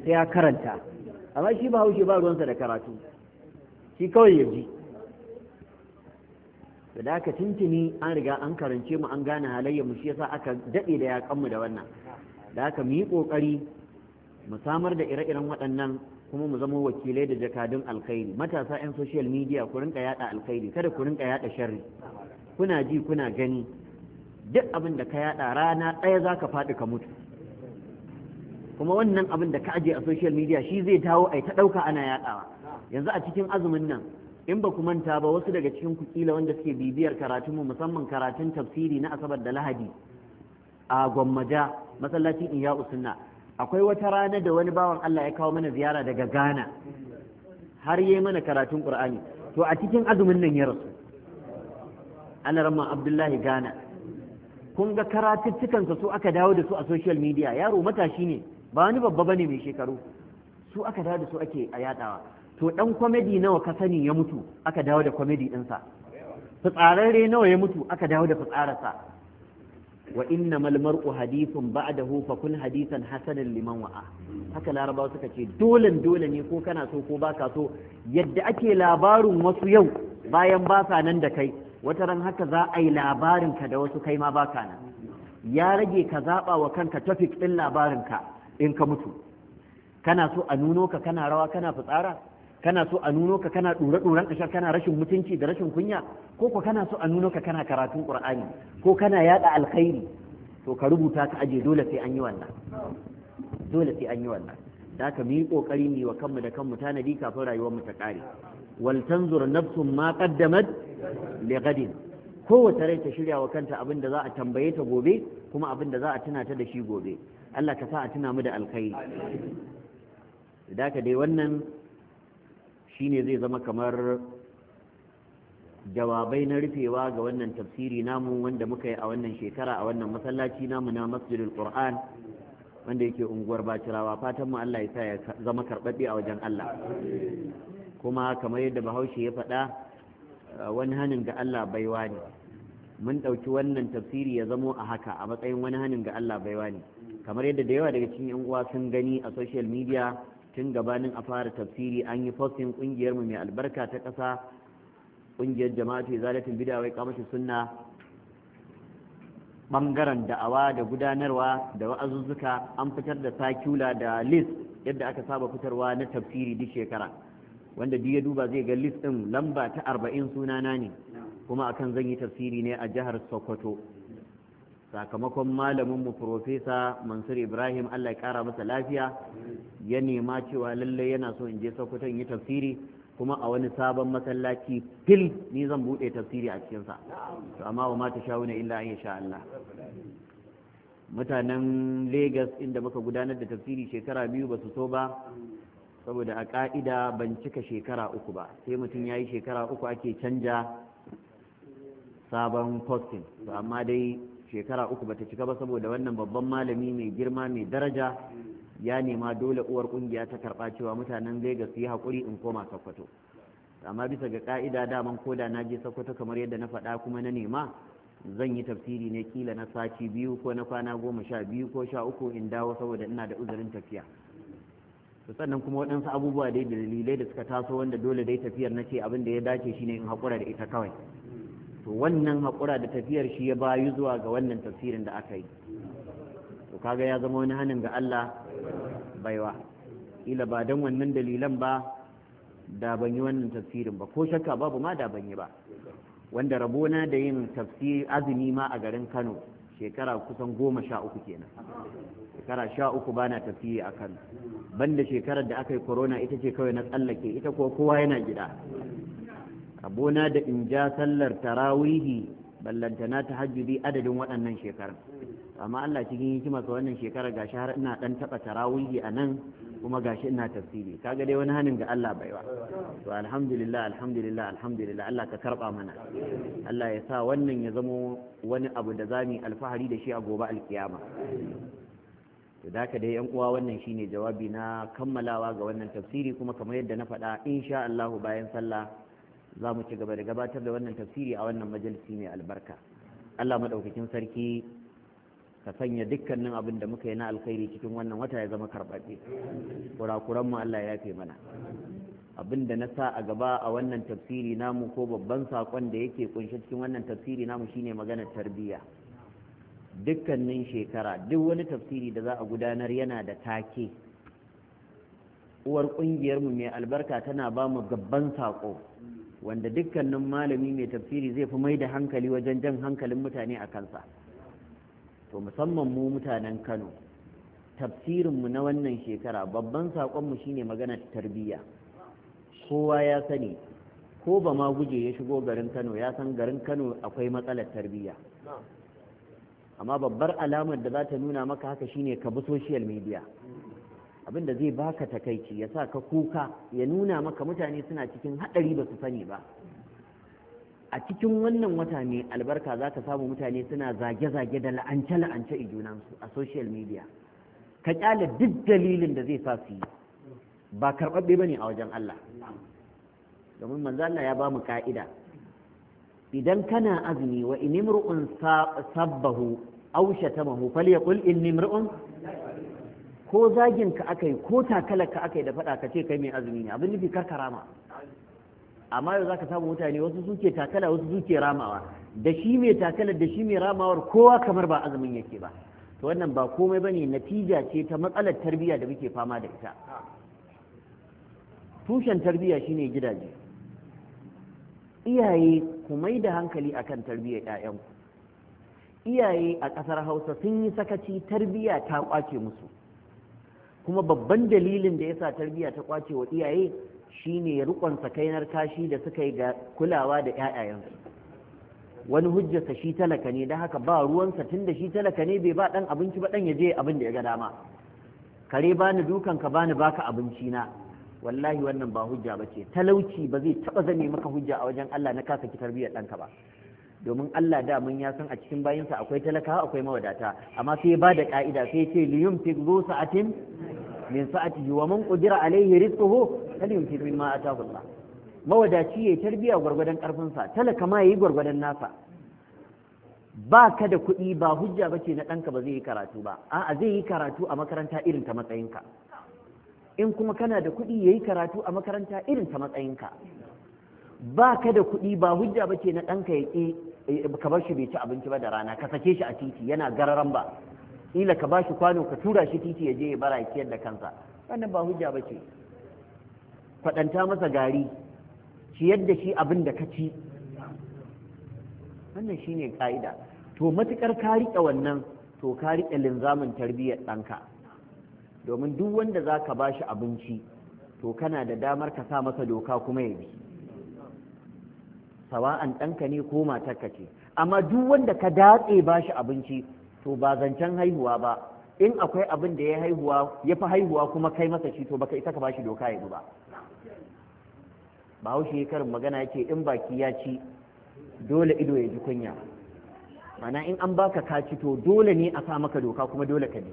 sai ya karanta amma shi ba haushe ba ruwansa da karatu shi kawai ya ji da aka tuntuni an riga an karance mu an gane halayyar mu shi yasa aka daɗe da yaƙan mu da wannan da aka mu yi ƙoƙari mu samar da ire-iren waɗannan kuma mu zama wakilai da jakadun alkhairi matasa 'yan social media ku rinka yada alkhairi kada ku rinka yada sharri kuna ji kuna gani duk abin da ka yada rana ɗaya za ka faɗi ka mutu kuma wannan abin da ka aje a social media shi zai dawo a ta ɗauka ana yadawa yanzu a cikin azumin nan in ba ku manta ba wasu daga cikin ku kila wanda suke bibiyar karatunmu musamman karatun tafsiri na asabar da lahadi a gwammaja masallacin iya sunna akwai wata rana da wani bawan Allah ya kawo mana ziyara daga Ghana har yi mana karatun Qur'ani to a cikin azumin nan ya rasu Alarma Abdullahi Ghana kun ga karatuttukansa su aka dawo da su a social media yaro matashi ne ba wani babba bane mai shekaru su aka dawo da su ake a yadawa to dan comedy nawa ka sani ya mutu aka dawo da din sa, fitsararre nawa ya mutu aka dawo da fitsararsa wa inna mal mar'u hadithun ba'dahu fa kun hadisan hasanan liman wa'a haka larabawa suka ce dolen dole ne ko kana so ko baka so yadda ake labarin wasu yau bayan ba sa nan da kai wata ran haka za a yi labarin ka da wasu kai ma baka nan ya rage ka zaɓa wa kanka topic ɗin ka in ka mutu kana so a nuno ka kana rawa kana fitsara kana so a nuno ka kana dure duran kashar kana rashin mutunci da rashin kunya ko ko kana so a nuno ka kana karatun qur'ani ko kana yada alkhairi to ka rubuta ka aje dole sai an yi wannan dole sai an yi wannan da ka mu kokari wa kanmu da kanmu tanadi kafin rayuwar mu ta kare wal tanzur nafsun ma qaddamat li gadin kowace rai ta shirya wa kanta abin da za a tambaye ta gobe kuma abin da za a tuna ta da shi gobe Allah ka sa a tuna mu da alkhairi da ka dai wannan Shi ne zai zama kamar jawabai na rufewa ga wannan tafsiri namu wanda muka yi a wannan shekara a wannan masallaci namu na masjidul qur'an wanda yake unguwar bacirawa fatan mu Allah ya sa ya zama karɓaɓɓe a wajen Allah kuma kamar yadda bahaushe ya faɗa wani hanin ga Allah baiwa ne mun ɗauki wannan tafsiri ya zamo a haka a matsayin wani hanin ga Allah baiwa ne kamar yadda da yawa daga cikin 'yan uwa sun gani a social media tun gabanin a fara tafsiri an yi fostin kungiyarmu mai albarka ta ƙasa kungiyar jama'atu izalatin bid'a wai kamashi sunna bangaren da'awa da gudanarwa da wa'azuzzuka an fitar da sakula da list yadda aka saba fitarwa na tafsiri duk shekara wanda duk ya duba zai ga list ɗin lamba ta arba'in sunana ne kuma akan zan yi tafsiri ne a jihar sokoto sakamakon malamin mu profesa mansur ibrahim allah ya kara masa lafiya ya nema cewa lallai yana so in je sokoton yi tafsiri kuma a wani sabon masallaci fil ni zan buɗe tafsiri a cikinsa to amma wa mata ne illa an sha Allah mutanen lagos inda muka gudanar da tafsiri shekara biyu ba su so ba saboda a ka'ida ban cika shekara uku ba sai mutum ya yi shekara uku ake canja sabon posting amma dai shekara uku bata cika ba saboda wannan babban malami mai girma mai daraja ya nema dole uwar kungiya ta karba cewa mutanen Lagos su yi hakuri in koma Sokoto amma bisa ga ka'ida daman koda na je sakwato kamar yadda na faɗa kuma na nema zan yi tafsiri ne kila na sati biyu ko na kwana goma sha biyu ko sha uku in dawo saboda ina da uzurin tafiya sannan kuma waɗansu abubuwa dai da dalilai da suka taso wanda dole dai tafiyar na ce abin da ya dace shine in haƙura da ita kawai to wannan haƙura da tafiyar shi ya bayu zuwa ga wannan tafsirin da aka yi to kaga ya zama wani hanin ga Allah baiwa ila ba don wannan dalilan ba da ban yi wannan tafsirin ba ko shakka babu ma da ban yi ba wanda rabona da yin tafsir azumi ma a garin Kano shekara kusan goma sha uku kenan shekara sha uku bana tafiye a Kano banda shekarar da aka yi corona ita ce kawai na tsallake ita ko kowa yana gida abona da in ja sallar tarawihi ballantana ta hajjudi adadin waɗannan shekarar amma Allah cikin hikimarsa wannan shekarar gashi har ina dan taba tarawihi a nan kuma gashi ina tafsiri kaga dai wani hanin ga Allah baiwa to alhamdulillah alhamdulillah alhamdulillah Allah ka karba mana Allah ya sa wannan ya zamo wani abu da zamu alfahari da shi a gobe alkiyama to da ka dai yan uwa wannan shine jawabi na kammalawa ga wannan tafsiri kuma kamar yadda na faɗa insha Allah bayan sallah za mu ci gaba da gabatar da wannan tafsiri a wannan majalisi mai albarka Allah madaukakin sarki ka sanya dukkanin abin da muka yi na alkhairi cikin wannan wata ya zama karɓaɓɓe kurakuran mu Allah ya yafe mana abin da na sa a gaba a wannan tafsiri namu ko babban sakon da yake kunshe cikin wannan tafsiri namu shine maganar tarbiyya dukkanin shekara duk wani tafsiri da za a gudanar yana da take uwar ƙungiyarmu mai albarka tana ba mu gabban saƙo wanda dukkanin malami mai tafsiri zai fi mai da hankali wajen jan hankalin mutane a kansa to musamman mu mutanen kano tafsirinmu na wannan shekara babban saƙonmu shine maganar tarbiyya kowa ya sani ko ba ma guje ya shigo garin kano ya san garin kano akwai matsalar tarbiyya amma babbar alamar da za ta nuna maka haka shine ka bi social media Abin da zai baka takaici ya sa ka kuka ya nuna maka mutane suna cikin haɗari ba su sani ba a cikin wannan wata ne albarka za ka samu mutane suna zage-zage da la'ance-la'ance junansu a social media ka kyale duk dalilin da zai sa su yi ba karɓaɓɓe ba ne a wajen Allah domin manzo Allah ya ba mu ka'ida idan kana azumi wa inimru'un sabbahu aw shatamahu falyaqul inni imru'un ko zagin ka aka yi ko takalar ka aka yi da faɗa ka ce kai mai azumi ne abin nufi kar rama amma yau za ka samu mutane wasu suke takala wasu suke ramawa da shi mai takalar da shi mai ramawar kowa kamar ba azumin yake ba to wannan ba komai ne natija ce ta matsalar tarbiyya da muke fama da ita tushen tarbiyya shine gidaje iyaye ku mai da hankali akan tarbiyyar 'ya'yanku iyaye a ƙasar hausa sun yi sakaci tarbiyya ta ƙwace musu kuma babban dalilin da ya sa tarbiyya ta kwace wa iyaye shine rukon kainar kashi da suka yi ga kulawa da ƴaƴayensu wani hujjarsa shi talaka ne don haka ba ruwansa tun da shi talaka ne bai ba dan abinci ba dan ya je abin da ya ga dama kare bani dukan ka bani baka abinci na wallahi wannan ba hujja ba ce talauci ba zai taɓa zame maka hujja a wajen Allah na kasa ki tarbiyyar ɗanka ba domin Allah da mun ya san a cikin bayinsa akwai talakawa akwai mawadata amma sai ba da ka'ida sai ce li yumtik zu sa'atin min sa'ati wa man qudira alayhi rizquhu falyumtik mimma ataahu Allah mawadaci yayi tarbiya gwargwadon karfin sa talaka ma yayi gwargwadon nasa ba ka da kuɗi ba hujja bace na ɗanka ba zai yi karatu ba a'a zai yi karatu a makaranta irin ta matsayinka in kuma kana da kuɗi yayi karatu a makaranta irin ta matsayinka ba ka da kuɗi ba hujja bace na ɗanka ya ke? ka bar shi bai ci abinci ba da rana ka sake shi a titi yana gararan ba ila ka bashi kwano ka tura shi titi ya je ya bara kiyar da kansa wannan ba hujja ba ce faɗanta masa gari ciyar da shi abin da ka ci wannan ne ka'ida to matuƙar ka riƙe wannan to ka riƙe linzamin tarbiyyar ɗanka domin duk wanda za ka ba shi abinci to kana da damar ka sa masa doka kuma ya bi sawa'an ɗanka ne ko matarka ce amma duk wanda ka datse ba shi abinci to ba zancen haihuwa ba in akwai abin da ya haihuwa ya fi haihuwa kuma kai masa shi to baka isa ka ba shi doka yanzu ba bahaushe karin magana yake in baki ya ci dole ido ya ji kunya mana in an baka kaci to dole ne a sa maka doka kuma dole ka bi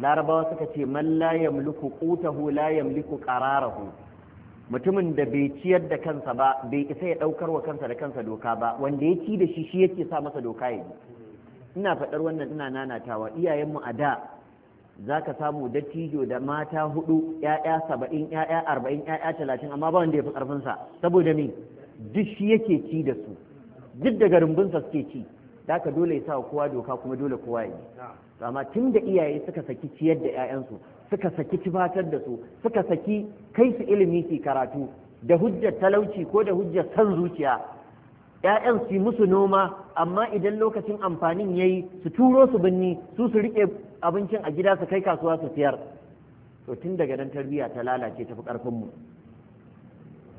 larabawa suka ce man la yamliku qutahu la yamliku qararahu mutumin da bai ciyar da kansa ba bai isa ya ɗaukar wa kansa da kansa doka ba wanda ya ci da shi shi yake sa masa doka ya yi ina faɗar wannan ina nanatawa iyayenmu a da za ka samu dattijo da mata hudu ‘ya'ya saba'in ‘ya'ya arba'in ‘ya'ya talatin amma ba wanda ya fi ƙarfinsa saboda me duk shi yake ci da su duk da garumbinsa suke ci da ka dole ya sa kowa doka kuma dole kowa ya yi amma tun da iyaye suka saki ciyar da ‘ya'yansu suka saki tubatar da su suka saki kai su ilimi su karatu da hujjar talauci ko da hujjar san zuciya ‘ya'yan su musu noma amma idan lokacin amfanin ya yi su turo su binni su su riƙe abincin a gida su kai kasuwa su siyar to tun daga nan tarbiyya ta lalace tafi ƙarfinmu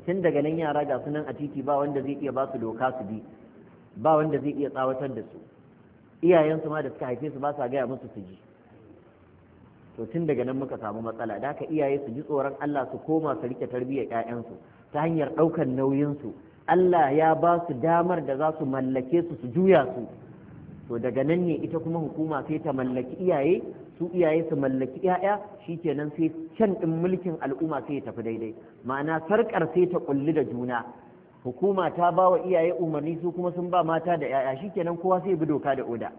tun daga nan yara ga nan a titi ba wanda zai iya ba su doka su bi ba wanda zai iya tsawatar da su iyayensu ma da suka haife su ba sa gaya musu su ji to tun daga nan muka samu matsala da haka iyaye su ji tsoron Allah su koma su rike tarbiyyar ƴaƴansu ta hanyar ɗaukar nauyinsu Allah ya ba su damar da za su mallake su su juya su to daga nan ne ita kuma hukuma sai ta mallaki iyaye su iyaye su mallaki ƴaƴa shikenan sai can ɗin mulkin al'umma sai ya tafi daidai ma'ana sarkar sai ta kulli da juna hukuma ta ba wa iyaye umarni su kuma sun ba mata da ƴaƴa shikenan kowa sai bi doka da oda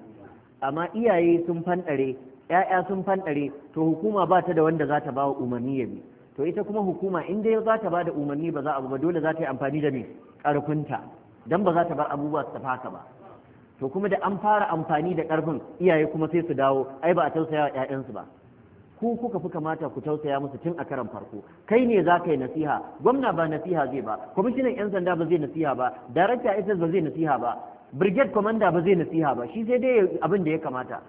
amma iyaye sun fanɗare 'ya'ya sun fanɗare to hukuma ba ta da wanda za ta ba wa umarni ya bi to ita kuma hukuma in dai za ta ba da umarni ba za a ba dole za ta yi amfani da mai ƙarfinta don ba za ta bar abubuwa su tafi ka ba to kuma da an fara amfani da ƙarfin iyaye kuma sai su dawo ai ba a tausaya wa ƴaƴansu ba ku kuka fi kamata ku tausaya musu tun a karan farko kai ne za ka yi nasiha gwamna ba nasiha zai ba kwamishinan 'yan sanda ba zai nasiha ba darakta ss ba zai nasiha ba brigade commander ba zai nasiha ba shi sai dai abin da ya kamata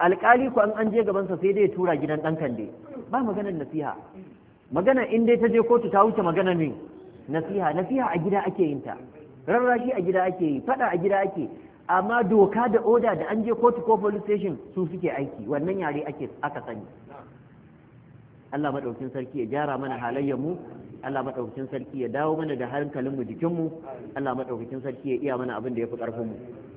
alƙali ko an je gabansa sai dai tura gidan ɗan kande ba maganar nasiha magana in dai ta je kotu ta wuce magana ne nasiha nasiha a gida ake yin ta rarrashi a gida ake yi faɗa a gida ake amma doka da oda da an je kotu ko police station su suke aiki wannan yare ake aka sani Allah madaukin sarki ya gyara mana halayyar mu Allah madaukin sarki ya dawo mana da hankalin mu jikin mu Allah madaukin sarki ya iya mana abin da yafi karfin mu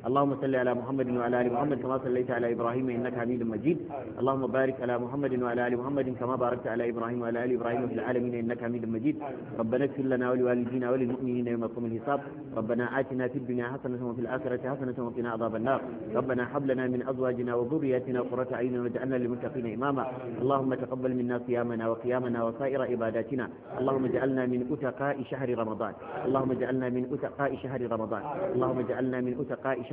اللهم صل على محمد وعلى ال محمد كما صليت على ابراهيم انك حميد مجيد اللهم بارك على محمد وعلى ال محمد كما باركت على ابراهيم وعلى ال ابراهيم في العالمين انك حميد مجيد ربنا اغفر لنا ولوالدينا وللمؤمنين يوم يقوم الحساب ربنا آتنا في الدنيا حسنة وفي الآخرة حسنة وقنا عذاب النار ربنا حب لنا من أزواجنا وذرياتنا قرة أعين واجعلنا للمتقين إماما اللهم تقبل منا صيامنا وقيامنا وسائر عباداتنا اللهم اجعلنا من أتقاء شهر رمضان اللهم اجعلنا من أتقاء شهر رمضان اللهم اجعلنا من أتقاء شهر